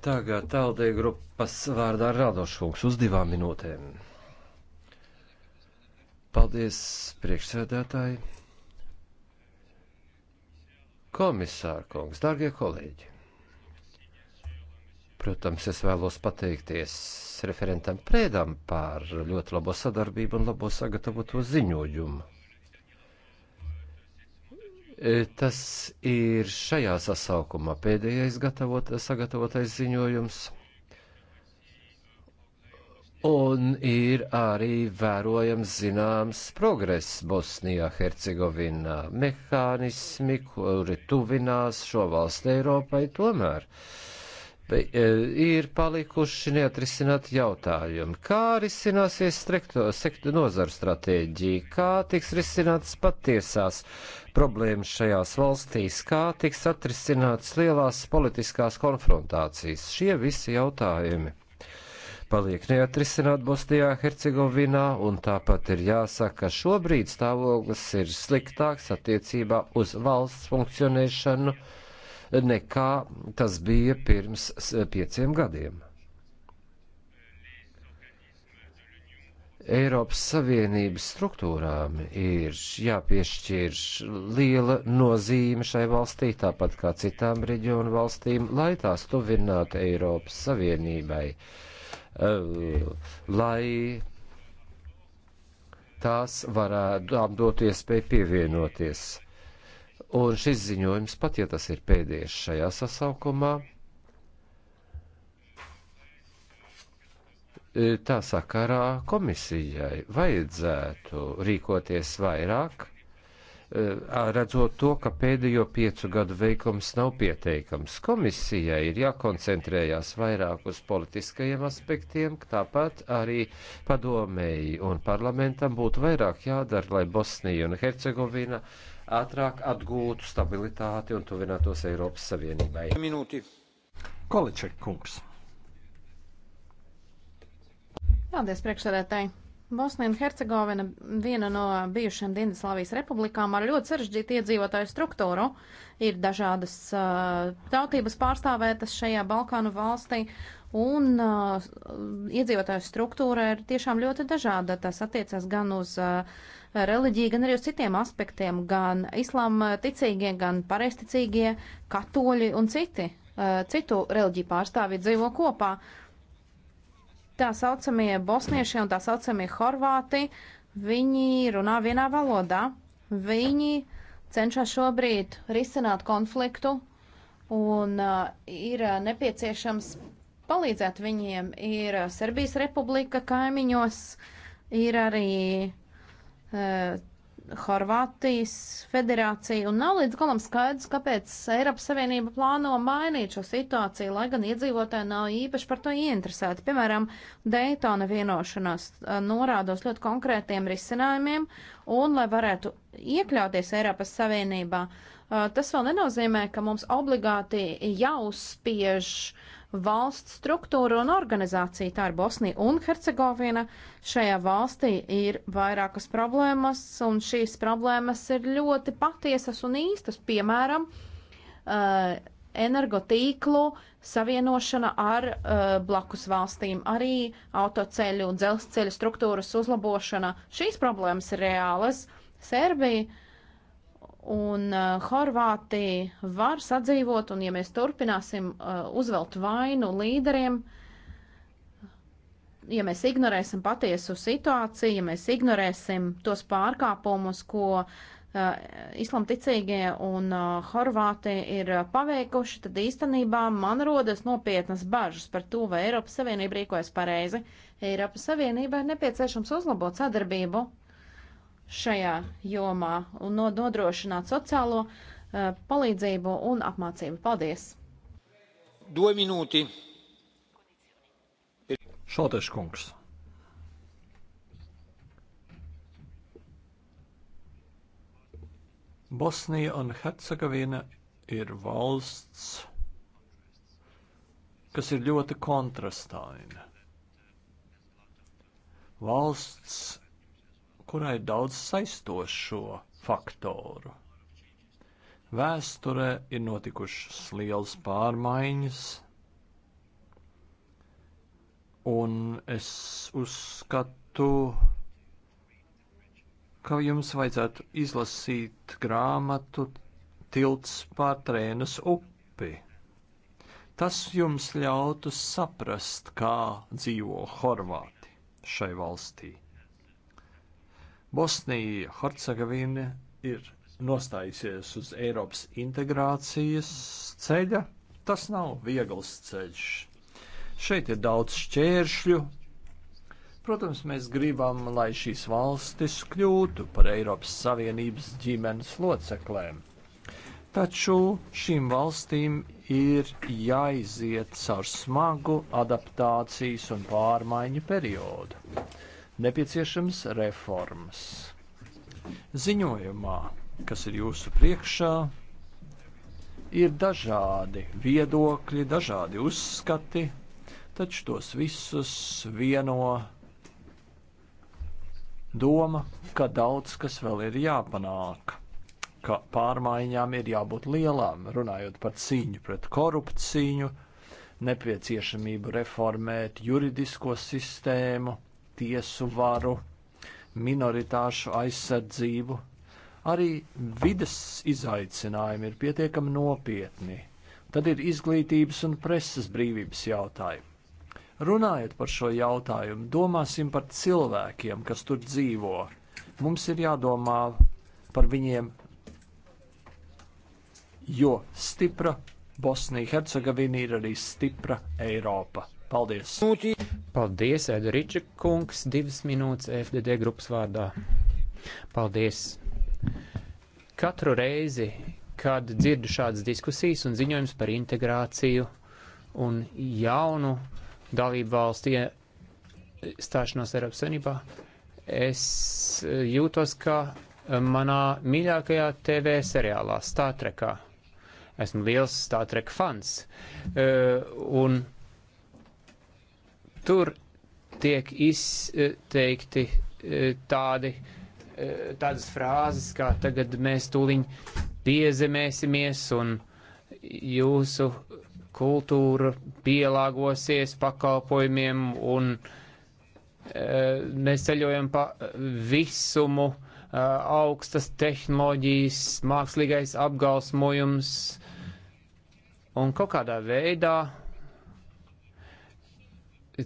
Tagad taldē grupas vārdā Radoškungs uz divām minūtēm. Paldies, priekšsēdētāji. Komisārkungs, dārgie kolēģi. Protams, es vēlos pateikties referentam Prēdam par ļoti labo sadarbību un labo sagatavoto ziņojumu. E, tas ir šajā sasaukumā pēdējais gatavot, sagatavotais ziņojums. Un ir arī vērojams zināms progress Bosnijā, Hercegovinā. Mehānismi, kuri tuvinās šo valstu Eiropai, tomēr E, ir palikuši neatrisināti jautājumi. Kā risināsies strekto, sektu nozaru stratēģija, kā tiks risinātas patiesās problēmas šajās valstīs, kā tiks atrisinātas lielās politiskās konfrontācijas. Šie visi jautājumi paliek neatrisināt Bosnijā, Hercegovinā, un tāpat ir jāsaka, ka šobrīd stāvoklis ir sliktāks attiecībā uz valsts funkcionēšanu nekā tas bija pirms pieciem gadiem. Eiropas Savienības struktūrām ir jāpiešķir liela nozīme šai valstī, tāpat kā citām reģionu valstīm, lai tās tuvinātu Eiropas Savienībai, eh, lai tās varētu apdot iespēju pievienoties. Un šis ziņojums, pat ja tas ir pēdējais šajā sasaukumā, e, tā sakarā komisijai vajadzētu rīkoties vairāk, e, redzot to, ka pēdējo piecu gadu veikums nav pieteikams. Komisijai ir jākoncentrējās vairāk uz politiskajiem aspektiem, tāpat arī padomēji un parlamentam būtu vairāk jādara, lai Bosnija un Hercegovina uh, ātrāk atgūtu stabilitāti un tuvinātos Eiropas Savienībai. Minūti. Količek kungs. Paldies, priekšsēdētāji. Bosnija un Hercegovina viena no bijušajām Dienvidslāvijas republikām ar ļoti sarežģītu iedzīvotāju struktūru. Ir dažādas uh, tautības pārstāvētas šajā Balkānu valstī, un uh, iedzīvotāju struktūra ir tiešām ļoti dažāda. Tas attiecas gan uz uh, reliģiju, gan arī uz citiem aspektiem, gan islāma ticīgie, gan pareisticīgie, katoļi un citi, citu reliģiju pārstāvji dzīvo kopā. Tā saucamie bosnieši un tā saucamie horvāti, viņi runā vienā valodā, viņi cenšas šobrīd risināt konfliktu un ir nepieciešams palīdzēt viņiem. Ir Serbijas republika kaimiņos, ir arī uh, Horvātijas federācija, un nav līdz galam skaidrs, kāpēc Eiropas Savienība plāno mainīt šo situāciju, lai gan iedzīvotāji nav īpaši par to ieinteresēti. Piemēram, Daytona vienošanās eh, norādos ļoti konkrētiem risinājumiem, un lai varētu iekļauties Eiropas Savienībā, eh, tas vēl nenozīmē, ka mums obligāti jāuzspiež uh, valsts struktūru un organizāciju. Tā ir Bosnija un Hercegovina. Šajā valstī ir vairākas problēmas, un šīs problēmas ir ļoti patiesas un īstas. Piemēram, uh, energotīklu savienošana ar uh, blakus valstīm, arī autoceļu un dzelzceļa struktūras uzlabošana. Šīs problēmas ir reālas. Serbija un uh, eh, Horvātija var sadzīvot, un ja mēs turpināsim uh, uzvelt vainu līderiem, ja mēs ignorēsim patiesu situāciju, ja mēs ignorēsim tos pārkāpumus, ko uh, islamticīgie un uh, Horvāti ir uh, paveikuši, tad īstenībā man rodas nopietnas bažas par to, vai Eiropas Savienība rīkojas pareizi. Eiropas Savienībai ir nepieciešams uzlabot sadarbību šajā jomā un nodrošināt sociālo uh, palīdzību un apmācību. Paldies! Divi minūti. Šotieš kungs. Bosnija un Hercegovina ir valsts, kas ir ļoti kontrastaina. Valsts kurā ir daudz saistošo faktoru. Vēsturē ir notikušas liels pārmaiņas, un es uzskatu, ka jums vajadzētu izlasīt grāmatu Tilts pār Trēnas upi. Tas jums ļautu saprast, kā dzīvo Horvāti šai valstī. Bosnija Hercegovina ir nostājusies uz Eiropas integrācijas ceļa. Tas nav viegls ceļš. Šeit ir daudz šķēršļu. Protams, mēs gribam, lai šīs valstis kļūtu par Eiropas Savienības ģimenes loceklēm. Taču šīm valstīm ir jāiziet caur smagu adaptācijas un pārmaiņu periodu nepieciešams reformas. Ziņojumā, kas ir jūsu priekšā, ir dažādi viedokļi, dažādi uzskati, taču tos visus vieno doma, ka daudz kas vēl ir jāpanāk, ka pārmaiņām ir jābūt lielām, runājot par cīņu pret korupciju, nepieciešamību reformēt juridisko sistēmu tiesu varu, minoritāšu aizsardzību. Arī vides izaicinājumi ir pietiekami nopietni. Tad ir izglītības un preses brīvības jautājumi. Runājot par šo jautājumu, domāsim par cilvēkiem, kas tur dzīvo. Mums ir jādomā par viņiem, jo stipra Bosnija-Hercegovina ir arī stipra Eiropa. Paldies! Paldies, Edriča kungs, divas minūtes FDD grupas vārdā. Paldies! Katru reizi, kad dzirdu šādas diskusijas un ziņojums par integrāciju un jaunu dalību valstu iestāšanos Eiropas Savienībā, es eh, jūtos kā eh, manā mīļākajā TV seriālā, Stātrekā. Esmu liels Stātreka fans. Uh, un tur tiek izteikti e, tādi, e, tādas frāzes, kā tagad mēs tūliņ piezemēsimies un jūsu kultūra pielāgosies pakalpojumiem un e, mēs ceļojam pa visumu, augstas tehnoloģijas, mākslīgais apgalsmojums un kaut kādā veidā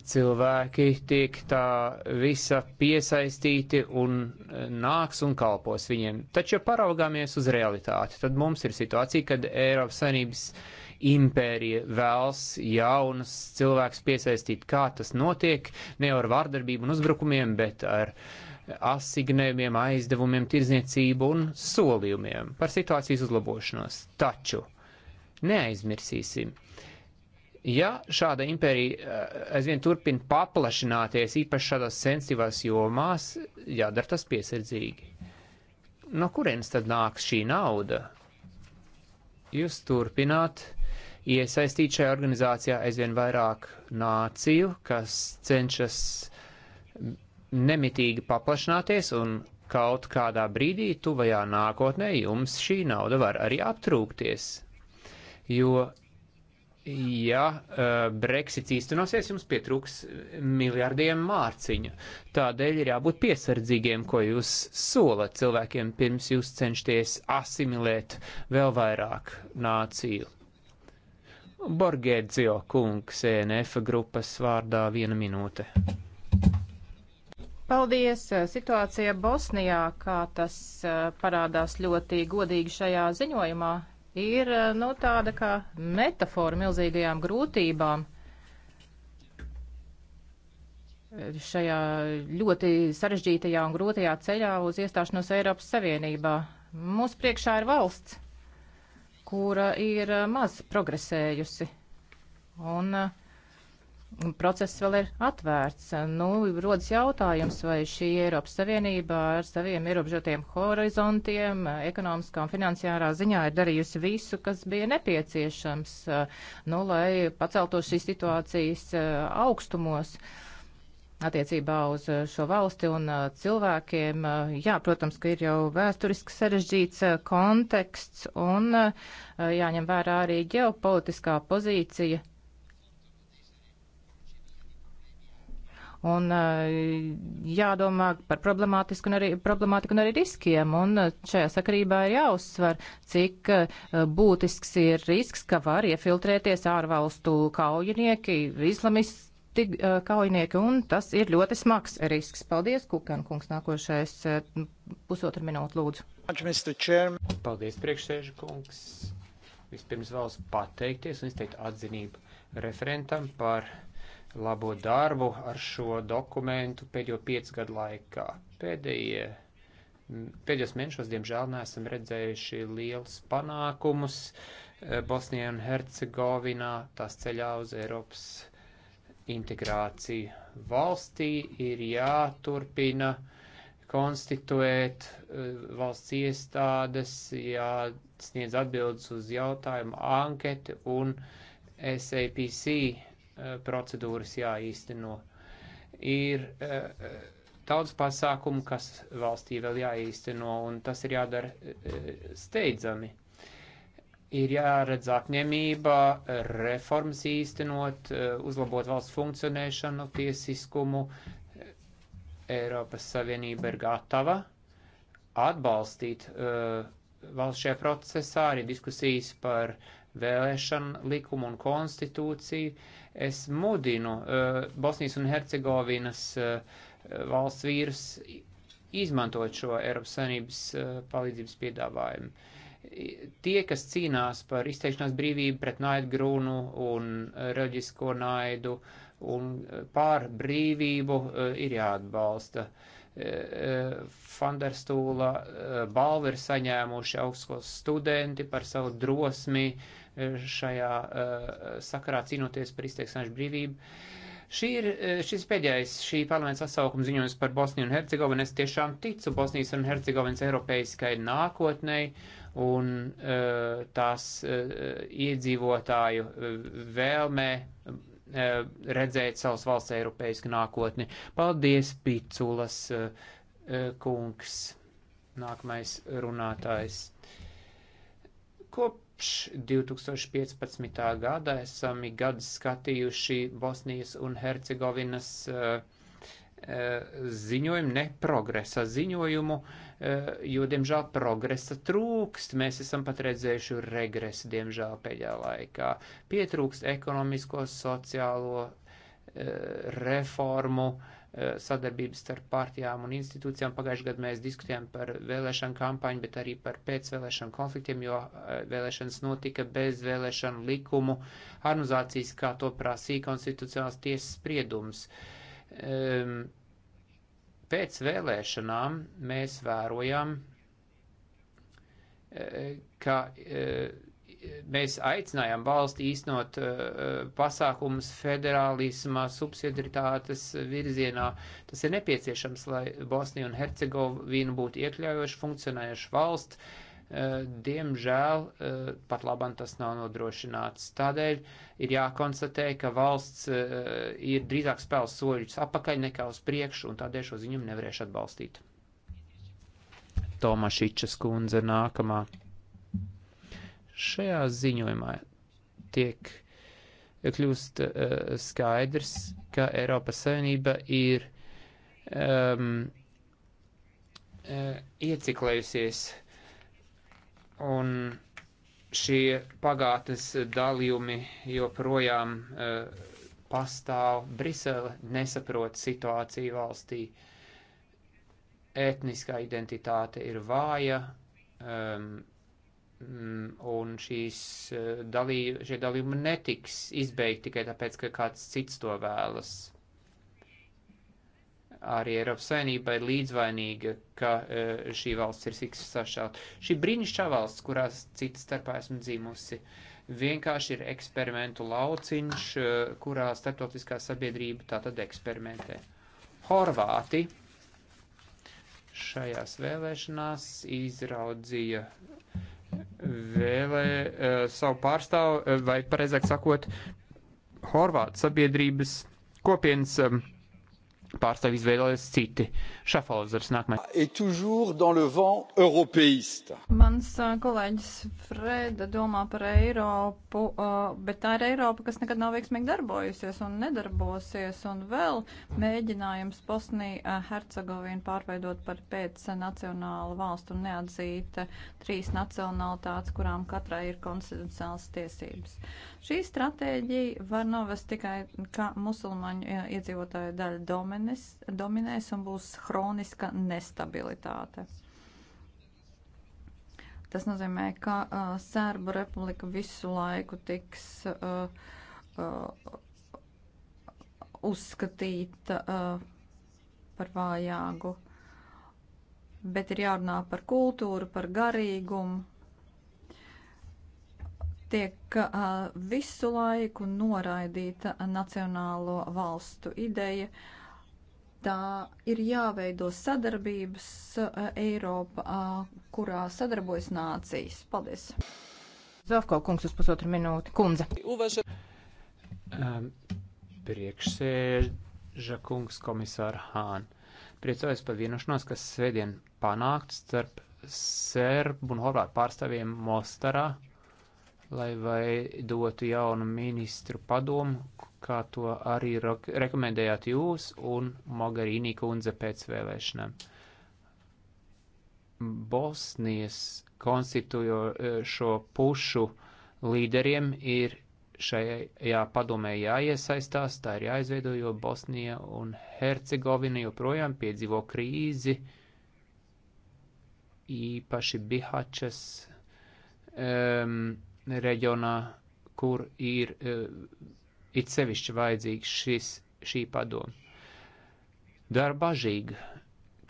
cilvēki tiek tā visa piesaistīti un e, nāks un kalpos viņiem. Taču, ja paraugāmies uz realitāti, tad mums ir situācija, kad Eiropas Savienības impērija vēlas jaunus cilvēkus piesaistīt. Kā tas notiek? Ne ar vārdarbību un uzbrukumiem, bet ar asignējumiem, aizdevumiem, tirzniecību un solījumiem par situācijas uzlabošanos. Taču neaizmirsīsim. Uh, Ja šāda impērija eh, aizvien turpina paplašināties, īpaši šādās sensitīvās jomās, jādara tas piesardzīgi. No kurienes tad nāks šī nauda? Jūs turpināt iesaistīt šajā organizācijā aizvien vairāk nāciju, kas cenšas nemitīgi paplašināties un kaut kādā brīdī tuvajā nākotnē jums šī nauda var arī aptrūkties. Jo ja eh, Brexits īstenosies, jums pietrūks miljardiem mārciņu. Tādēļ ir jābūt piesardzīgiem, ko jūs solat cilvēkiem, pirms jūs cenšaties asimilēt vēl vairāk nāciju. Borgēdzio kungs, ENF grupas vārdā viena minūte. Paldies! Situācija Bosnijā, kā tas eh, parādās ļoti godīgi šajā ziņojumā, ir eh, nu, tāda kā metafora milzīgajām grūtībām eh, šajā ļoti sarežģītajā un grūtajā ceļā uz iestāšanos Eiropas Savienībā. Mūsu priekšā ir valsts, kura ir eh, maz progresējusi. Un uh, process vēl ir atvērts. Nu, rodas jautājums, vai šī Eiropas Savienība ar saviem ierobežotiem horizontiem, ekonomiskā un finansiārā ziņā ir darījusi visu, kas bija nepieciešams, nu, lai paceltos šīs situācijas eh, augstumos attiecībā uz eh, šo valsti un eh, cilvēkiem. Jā, protams, ka ir jau vēsturiski sarežģīts konteksts un jāņem vērā arī ģeopolitiskā pozīcija Un eh, jādomā par problemātiku un, arī, problemātiku un arī riskiem. Un eh, šajā sakarībā ir jāuzsver, cik eh, būtisks ir risks, ka var iefiltrēties ārvalstu kaujinieki, islamisti kaujinieki, un tas ir ļoti smags risks. Paldies, Kukan kungs, nākošais pusotru minūtu lūdzu. Paldies, priekšsēžu kungs. Vispirms vēlos pateikties un izteikt atzinību referentam par labo darbu ar šo dokumentu pēdējo piecu gadu laikā. Pēdējie, pēdējos mēnešos, diemžēl, neesam redzējuši liels panākumus e, Bosnijā un Hercegovinā, tās ceļā uz Eiropas integrāciju. Valstī ir jāturpina konstituēt e, valsts iestādes, jāsniedz atbildes uz jautājumu anketi un SAPC Eh, procedūras jāīsteno. Ir eh, daudz pasākumu, kas valstī vēl jāīsteno, un tas ir jādara eh, steidzami. Ir jāredz apņemība, reformas īstenot, uzlabot valsts funkcionēšanu, tiesiskumu. Eiropas Savienība ir gatava atbalstīt uh, valsts šajā procesā, arī diskusijas par vēlēšanu likumu un konstitūciju. Es mudinu uh, Bosnijas un Hercegovinas uh, valsts vīrus izmantot šo Eiropas Savienības uh, palīdzības piedāvājumu. Tie, kas cīnās par izteikšanās brīvību pret naidu grūnu un reģisko naidu un pār brīvību, uh, ir jāatbalsta. Uh, Fandarstūla balvu ir saņēmuši augstskolas studenti par savu drosmi, uh, šajā eh, sakarā cīnoties par izteiksmēšu brīvību. Šī ir, eh, šis pēdējais šī parlamenta sasaukuma ziņojums par Bosniju un Hercegovinu. Es tiešām ticu Bosnijas un Hercegovinas eiropeiskai nākotnei un eh, tās iedzīvotāju vēlmē redzēt savas valsts eiropeisku nākotni. Paldies, Piculas kungs! nākamais runātājs. Kop, kopš 2015. gada esam ik gadu skatījuši Bosnijas un Hercegovinas eh, eh, ziņojumu, ne progresa ziņojumu, eh, jo, diemžēl, progresa trūkst. Mēs esam pat redzējuši regresu, diemžēl, pēdējā laikā. Pietrūkst ekonomisko, sociālo reformu, uh, Eh, sadarbības starp partijām un institūcijām. Pagājušajā gadā mēs diskutējām par vēlēšanu kampaņu, bet arī par pēcvēlēšanu konfliktiem, jo eh, vēlēšanas notika bez vēlēšanu likumu harmonizācijas, kā to prasīja konstitucionāls tiesas spriedums. Ehm, pēc vēlēšanām mēs vērojam, eh, ka mēs aicinājām valsti īstenot uh, uh, pasākumus federālismā, subsidiaritātes virzienā. Tas ir nepieciešams, lai Bosnija un Hercegovina būtu iekļaujoši, funkcionējuši valsts. Uh, diemžēl pat labam tas nav nodrošināts. Tādēļ ir jākonstatē, ka valsts ir drīzāk spēles soļus apakaļ nekā uz priekšu, un tādēļ šo ziņu nevarēšu atbalstīt. Tomašiča skundze nākamā. Šajā ziņojumā tiek kļūst uh, skaidrs, ka Eiropas Savienība ir um, uh, ieciklējusies un šie pagātnes dalījumi joprojām uh, pastāv. Brisele nesaprot situāciju valstī. Etniskā identitāte ir vāja, um, Mm, un šīs eh, dalī, šie dalījumi netiks izbeigti tikai tāpēc, ka kāds cits to vēlas. Arī Eiropas Savienība ir līdzvainīga, ka eh, šī valsts ir siks sašaut. Šī brīnišķā valsts, kurās citas starpā esmu dzīmusi, vienkārši ir eksperimentu lauciņš, eh, kurā starptautiskā sabiedrība tātad eksperimentē. Horvāti šajās vēlēšanās izraudzīja uh, vēlē eh, savu pārstāvu, eh, vai pareizāk sakot, Horvātu sabiedrības kopienas eh, pārstāvji izvēlējas citi. Šafalozars nākamais. Mans kolēģis Freda domā par Eiropu, bet tā ir Eiropa, kas nekad nav veiksmīgi darbojusies un nedarbosies, un vēl mēģinājums Bosniju Hercegovinu pārveidot par pēc nacionālu valstu un neatzīt trīs nacionalitātes, kurām katrai ir konstitucionāls tiesības. Šī stratēģija var novest tikai, ka musulmaņu iedzīvotāju daļa dominē dominēs, dominēs un būs hroniska nestabilitāte. Tas nozīmē, ka uh, Sērbu republika visu laiku tiks uh, uh, uzskatīta uh, par vājāgu, bet ir jārunā par kultūru, par garīgumu. Tiek uh, visu laiku noraidīta nacionālo valstu ideja. Uh, tā ir jāveido sadarbības eh, Eiropa, kurā sadarbojas nācijas. Paldies! Zafko kungs uz pusotru minūti. Kundze. Um, priekšsēža kungs komisāra Hāna. Priecājos par vienošanos, kas svētdien panākt starp serbu un horvātu pārstāvjiem Mostarā, lai vai dotu jaunu ministru padomu, kā to arī rekomendējāt jūs un Mogherini kundze pēc vēlēšanām. Bosnijas konstitujošo pušu līderiem ir šajā padomē jāiesaistās, tā ir jāizveido, jo Bosnija un Hercegovina joprojām piedzīvo krīzi, īpaši Bihačas um, reģionā, kur ir uh, um, it sevišķi vajadzīgs šis, šī padoma. Dar bažīgi,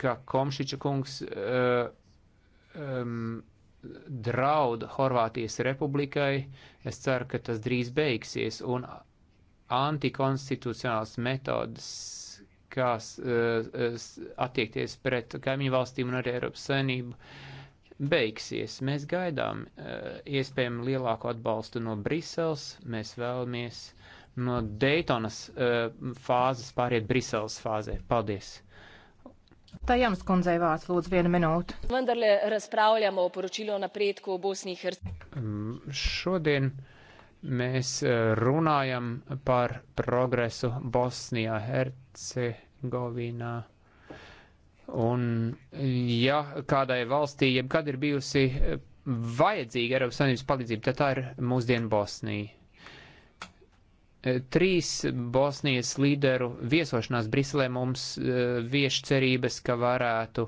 ka Komšiča kungs uh, um, draud Horvātijas republikai. Es ceru, ka tas drīz beigsies un antikonstitucionāls metodas, kās uh, eh, attiekties pret kaimiņu valstīm un arī Eiropas saimnību, beigsies. Mēs gaidām uh, iespējami lielāku atbalstu no Briseles. Mēs vēlamies no Daytonas uh, fāzes pāriet Briseles fāzē. Paldies! Tā jums, kundzei, vārds lūdzu vienu minūtu. Vandarle raspravljamo o poročilo napredku Bosni Hercegovini. Mm, šodien mēs eh, runājam par progresu Bosnijā, Hercegovinā. Un ja kādai valstī jebkad ir bijusi eh, vajadzīga Eiropas Savienības palīdzība, tad tā ir mūsdienu Bosnija Trīs Bosnijas līderu viesošanās Briselē mums e, vieš cerības, ka varētu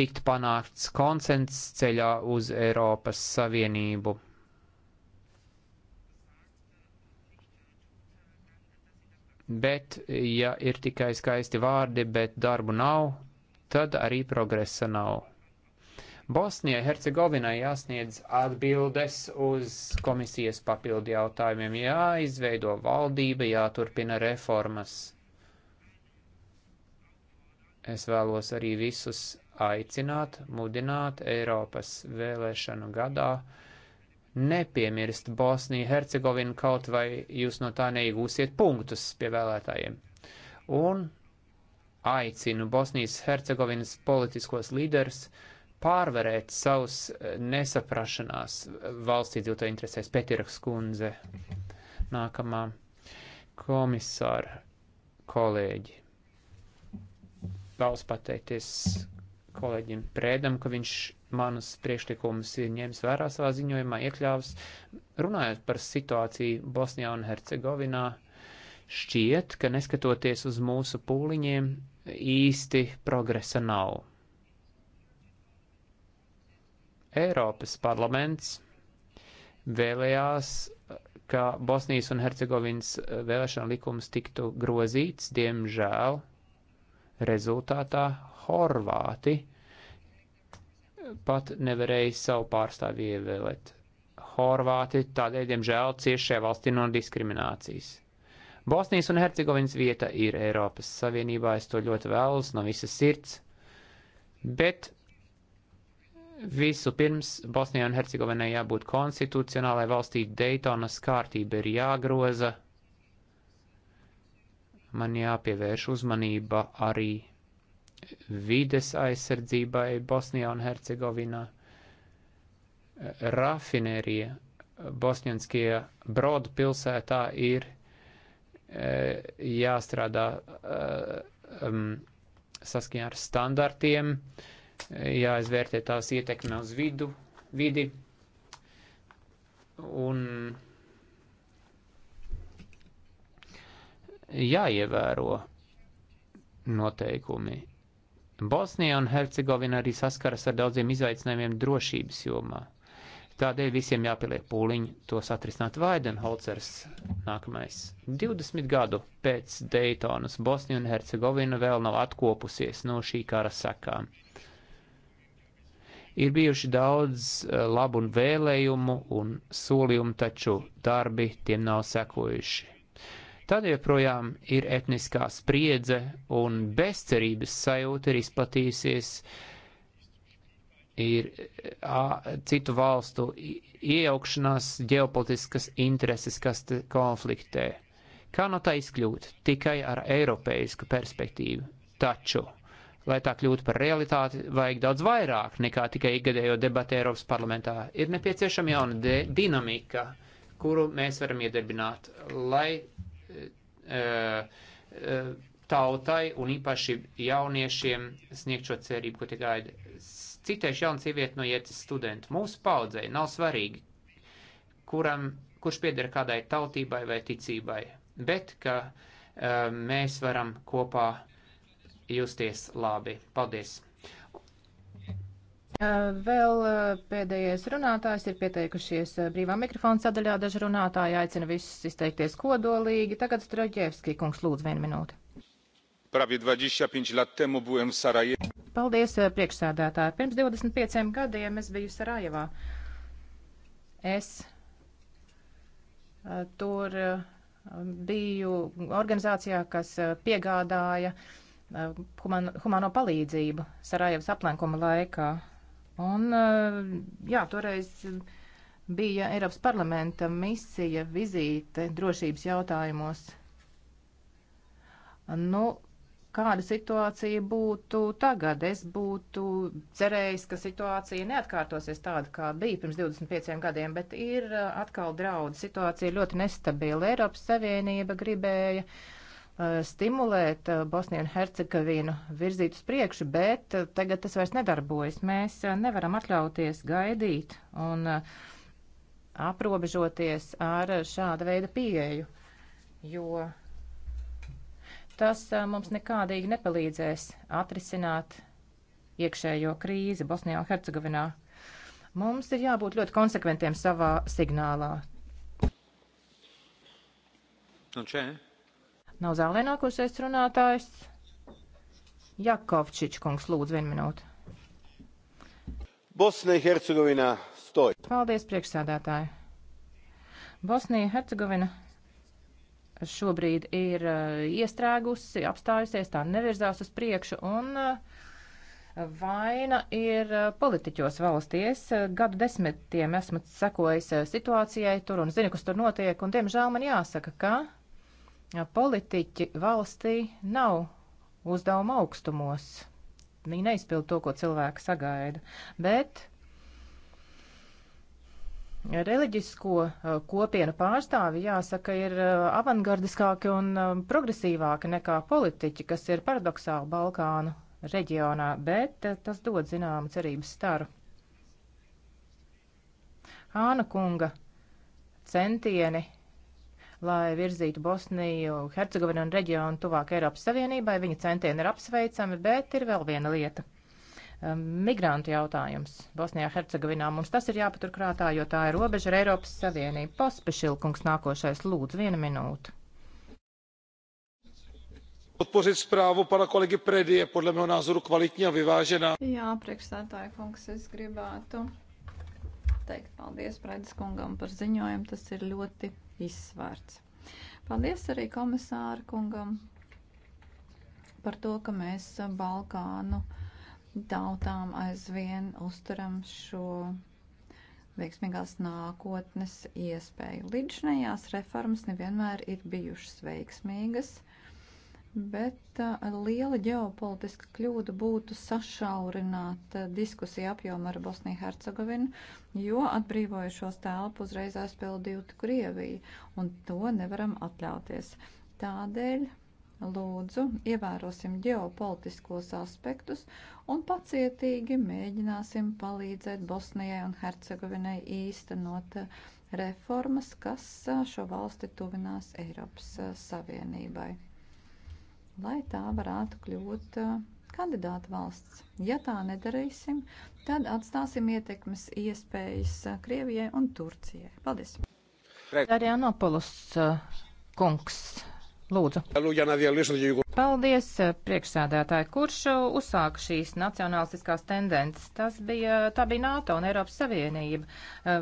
tikt panākts konsens ceļā uz Eiropas Savienību. Bet, ja ir tikai skaisti vārdi, bet darbu nav, tad arī progresa nav. Bosnijai, Hercegovinai jāsniedz atbildes uz komisijas papildu jautājumiem, jāizveido valdība, jāturpina reformas. Es vēlos arī visus aicināt, mudināt Eiropas vēlēšanu gadā nepiemirst Bosniju, Hercegovinu kaut vai jūs no tā neiegūsiet punktus pie vēlētājiem. Un aicinu Bosnijas Hercegovinas politiskos līderus pārvarēt savus eh, nesaprašanās valsts iedzīvotāju interesēs. Petiraks kundze, nākamā komisāra kolēģi. Vēlos pateikties kolēģim Prēdam, ka viņš manus priekšlikumus ir ņēmis vērā savā ziņojumā, iekļāvis. Runājot par situāciju Bosnijā un Hercegovinā, šķiet, ka neskatoties uz mūsu pūliņiem, īsti progresa nav Eiropas parlaments vēlējās, ka Bosnijas un Hercegovinas eh, vēlēšana likums tiktu grozīts, diemžēl rezultātā Horvāti pat nevarēja savu pārstāvi ievēlēt. Horvāti tādēļ, diemžēl, cieši šajā valstī no diskriminācijas. Bosnijas un Hercegovinas vieta ir Eiropas Savienībā, es to ļoti vēlos no visas sirds, bet Visu pirms Bosnijā un Hercegovinai jābūt konstitucionālai valstī, Daytonas kārtība ir jāgroza. Man jāpievērš uzmanība arī vides aizsardzībai Bosnijā un Hercegovinā. Rafinērija Bosņanskie brodu pilsētā ir e, jāstrādā e, um, saskaņā ar standartiem. E, jāizvērtē tās ietekme uz vidu, vidi un jāievēro noteikumi. Bosnija un Hercegovina arī saskaras ar daudziem izaicinājumiem drošības jomā. Tādēļ visiem jāpieliek pūliņi tos atrisināt Vaidenholcers nākamais. 20 gadu pēc Daytonas Bosnija un Hercegovina vēl nav atkopusies no šī kara sakām. Ir bijuši daudz eh, labu un vēlējumu un solījumu, taču darbi tiem nav sekojuši. Tad joprojām ir etniskā spriedze un bezcerības sajūta ir izplatījusies, ir eh, a, citu valstu iejaukšanās ģeopolitiskas intereses, kas konfliktē. Kā no tā izkļūt? Tikai ar eiropeisku perspektīvu. Taču lai tā kļūtu par realitāti, vajag daudz vairāk nekā tikai ikgadējo debatu Eiropas parlamentā. Ir nepieciešama jauna dinamika, kuru mēs varam iedarbināt, lai e, e, tautai un īpaši jauniešiem sniegt šo cerību, ko te gaida. Citēšu jaunu sievieti no ietas studentu. Mūsu paudzei nav svarīgi, kuram, kurš pieder kādai tautībai vai ticībai, bet ka e, mēs varam kopā justies labi. Paldies! Vēl pēdējais runātājs ir pieteikušies brīvā mikrofona sadaļā. Daži runātāji aicina visus izteikties kodolīgi. Tagad Stroģevski kungs lūdzu vienu minūti. Prawie 25 lat temu byłem w Sarajewie. Paldies, priekšsādātāji. Pirms 25 gadiem es biju Sarajevā. Es tur biju organizācijā, kas piegādāja uh, Eh, human, humano palīdzību Sarajevas aplenkuma laikā. Un, eh, jā, toreiz bija Eiropas parlamenta misija vizīte drošības jautājumos. Nu, kāda situācija būtu tagad. Es būtu cerējis, ka situācija neatkārtosies tāda, kā bija pirms 25 gadiem, bet ir eh, atkal draudi. Situācija ļoti nestabila. Eiropas Savienība gribēja uh, Eh, stimulēt eh, Bosniju un Hercegovinu virzīt uz priekšu, bet eh, tagad tas vairs nedarbojas. Mēs nevaram atļauties gaidīt un aprobežoties ar šāda veida pieeju, jo tas mums nekādīgi nepalīdzēs atrisināt iekšējo krīzi Bosnijā un Hercegovinā. Mums ir jābūt ļoti konsekventiem savā signālā. Nu, čia. Nav zālē nākošais runātājs. Jakovčič kungs, lūdzu, vienu minūtu. Bosnija un Hercegovina stoj. Paldies, priekšsādātāji. Bosnija un Hercegovina šobrīd ir uh, iestrēgusi, apstājusies, tā nevirzās uz priekšu un uh, Vaina ir eh, politiķos valstīs. Gadu desmitiem esmu sekojis situācijai tur un zinu, kas tur notiek, un diemžēl man jāsaka, ka politiķi valstī nav uzdevuma augstumos. Viņi neizpild to, ko cilvēki sagaida. Bet reliģisko uh, kopienu pārstāvi, jāsaka, ir uh, avangardiskāki un um, progresīvāki nekā politiķi, kas ir paradoxāli Balkānu reģionā, bet uh, tas dod zināmu cerības staru. Hāna kunga centieni lai virzītu Bosniju, Hercegovinu un reģionu tuvāk Eiropas Savienībai. Viņa centieni ir apsveicami, bet ir vēl viena lieta. Um, migrantu jautājums Bosnijā, Hercegovinā mums tas ir jāpaturprātā, jo tā ir robeža ar Eiropas Savienību. Pospešilkungs nākošais lūdzu vienu minūtu. Podpořit zprávu pana kolegy Predy je podle mého názoru kvalitní a vyvážená. Jā, priekšstādāja kungs, es gribētu teikt paldies Predes kungam par ziņojumu. Tas ir ļoti izsvērts. Paldies arī komisāra kungam par to, ka mēs Balkānu tautām aizvien uzturam šo veiksmīgās nākotnes iespēju. Līdzinējās reformas nevienmēr ir bijušas veiksmīgas. Uh, bet uh, liela ģeopolitiska kļūda būtu sašaurināt uh, diskusiju apjomu ar Bosniju Hercegovinu, jo atbrīvojušos telpu uzreiz aizpildītu Krieviju, un to nevaram atļauties. Tādēļ lūdzu ievērosim ģeopolitiskos aspektus un pacietīgi mēģināsim palīdzēt Bosnijai un Hercegovinai īstenot uh, reformas, kas šo valsti tuvinās Eiropas Savienībai lai tā varētu kļūt uh, kandidāta valsts. Ja tā nedarīsim, tad atstāsim ietekmes iespējas uh, Krievijai un Turcijai. Paldies! Darjanopolis uh, kungs, lūdzu. Paldies, priekšsēdētāji, kurš uzsāka šīs nacionālistiskās tendences. Tas bija, tā bija NATO un Eiropas Savienība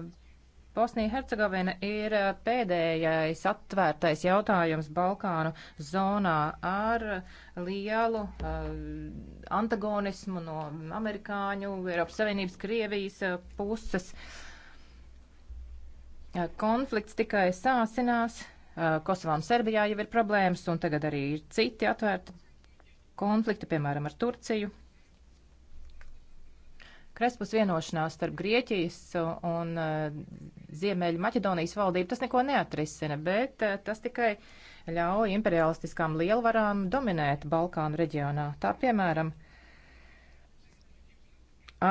Bosnija-Hercegovina ir eh, pēdējais atvērtais jautājums Balkānu zonā ar lielu uh, antagonismu no amerikāņu, Eiropas Savienības, Krievijas uh, puses. Uh, konflikts tikai sāsinās. Uh, Kosovā un Serbijā jau ir problēmas, un tagad arī ir citi atvērti konflikti, piemēram, ar Turciju. Krespus vienošanās starp Grieķijas un eh, Ziemeļu Maķedonijas valdību tas neko neatrisina, bet eh, tas tikai ļauj imperialistiskām lielvarām dominēt Balkānu reģionā. Tā piemēram,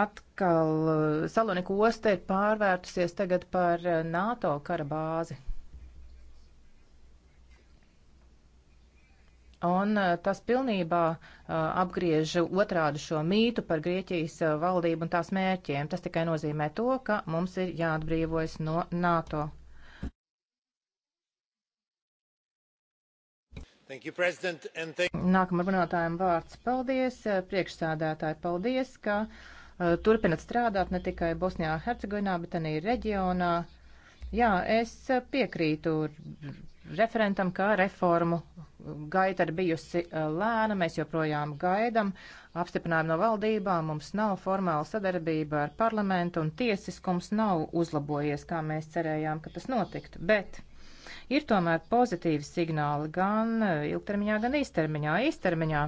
atkal eh, Saloniku osta ir pārvērtusies tagad par NATO kara bāzi. Un eh, tas pilnībā eh, apgriež otrādu šo mītu par Grieķijas eh, valdību un tās mērķiem. Tas tikai nozīmē to, ka mums ir jāatbrīvojas no NATO. You, Nākamā runātājiem vārds. Paldies, priekšsādātāji, paldies, ka uh, turpinat strādāt ne tikai Bosnijā, Hercegovinā, bet arī reģionā. Jā, es piekrītu referentam, ka reformu gaita ir bijusi e, lēna, mēs joprojām gaidam apstiprinājumu no valdībām, mums nav formāla sadarbība ar parlamentu un tiesiskums nav uzlabojies, kā mēs cerējām, ka tas notiktu. Bet ir tomēr pozitīvi signāli gan ilgtermiņā, gan īstermiņā. Īstermiņā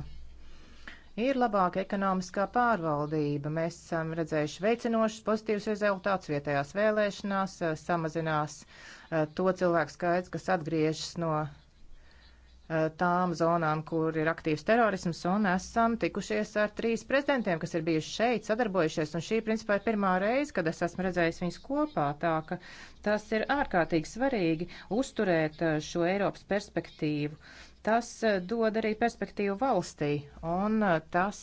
ir labāka ekonomiskā pārvaldība. Mēs esam redzējuši veicinošus pozitīvus rezultātus vietējās vēlēšanās, e, samazinās uh, Eh, to cilvēku skaits, kas atgriežas no eh, tām zonām, kur ir aktīvs terorisms, un esam tikušies ar trīs prezidentiem, kas ir bijuši šeit, sadarbojušies, un šī, principā, ir pirmā reize, kad es esmu redzējis viņus kopā, tā ka tas ir ārkārtīgi svarīgi uzturēt eh, šo Eiropas perspektīvu. Tas dod arī perspektīvu valstī, un tas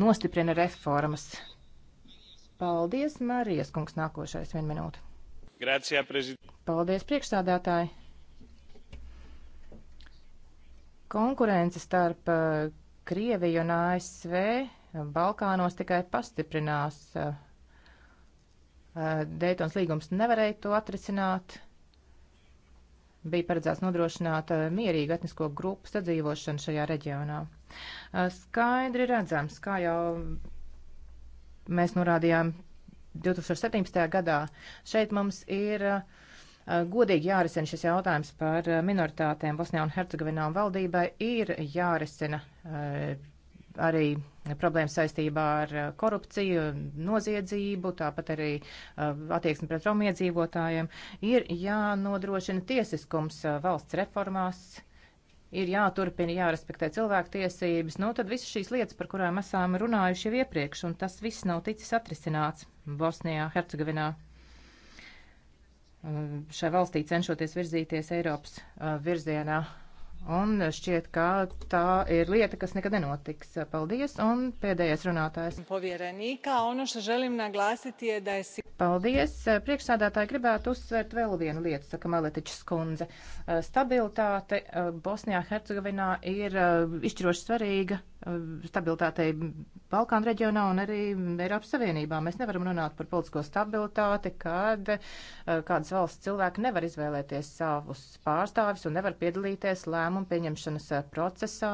nostiprina reformas. Paldies, Mārijas kungs, nākošais vien minūte. Grācijā, prezident. Paldies, priekšstādātāji. Konkurence starp eh, Krieviju un ASV Balkānos tikai pastiprinās. Eh, eh, Dētons līgums nevarēja to atrisināt. Bija paredzēts nodrošināt mierīgu etnisko grupu sadzīvošanu šajā reģionā. Skaidri redzams, kā jau mēs norādījām 2017. gadā. Šeit mums ir uh, godīgi jārisina šis jautājums par uh, minoritātēm Bosnijā un Hercegovinā un valdībai ir jārisina uh, arī problēmas saistībā ar korupciju, noziedzību, tāpat arī attieksmi pret romiedzīvotājiem. Ir jānodrošina tiesiskums valsts reformās ir jāturpina, jārespektē cilvēktiesības, nu tad visas šīs lietas, par kurām esam runājuši jau iepriekš, un tas viss nav ticis atrisināts Bosnijā, Hercegovinā. Šai valstī cenšoties virzīties Eiropas uh, virzienā, Un šķiet, ka tā ir lieta, kas nekad nenotiks. Paldies, un pēdējais runātājs. Paldies, priekšsādātāji gribētu uzsvērt vēl vienu lietu, saka Maletičs kundze. Stabilitāte eh, Bosnijā-Hercegovinā ir eh, izšķiroši svarīga stabilitātei Balkānu reģionā un arī Eiropas Savienībā. Mēs nevaram runāt par politisko stabilitāti, kad eh, kādas valsts cilvēki nevar izvēlēties savus pārstāvis un nevar piedalīties lēmumu pieņemšanas eh, procesā,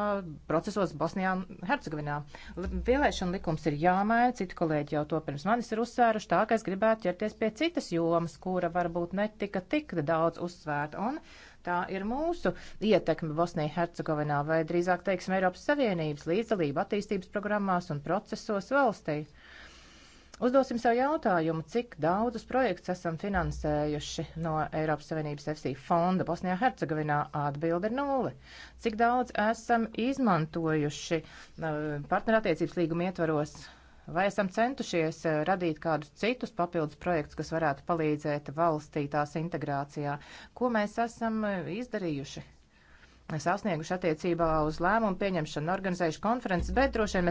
procesos Bosnijā un Hercegovinā. Vēlēšana likums ir jāmaina, citi kolēģi jau to pirms manis ir uzsvēruši, tā ka es gribētu ķerties pie citas jomas, kura varbūt netika tik daudz uzsvērta. Un tā ir mūsu ietekme Bosnijā, Hercegovinā vai drīzāk, teiksim, Eiropas Savienības līdzdalība attīstības programmās un procesos valstī. Uzdosim sev jautājumu, cik daudzus projektus esam finansējuši no Eiropas Savienības FC fonda Bosnijā, Hercegovinā. Atbilde ir nulle. Cik daudz esam izmantojuši uh, partnerattiecības līguma ietvaros Vai esam centušies eh, radīt kādus citus papildus projektus, kas varētu palīdzēt valstī tās integrācijā? Ko mēs esam eh, izdarījuši? Sasnieguši attiecībā uz lēmumu pieņemšanu, organizējuši konferences, bet droši vien mēs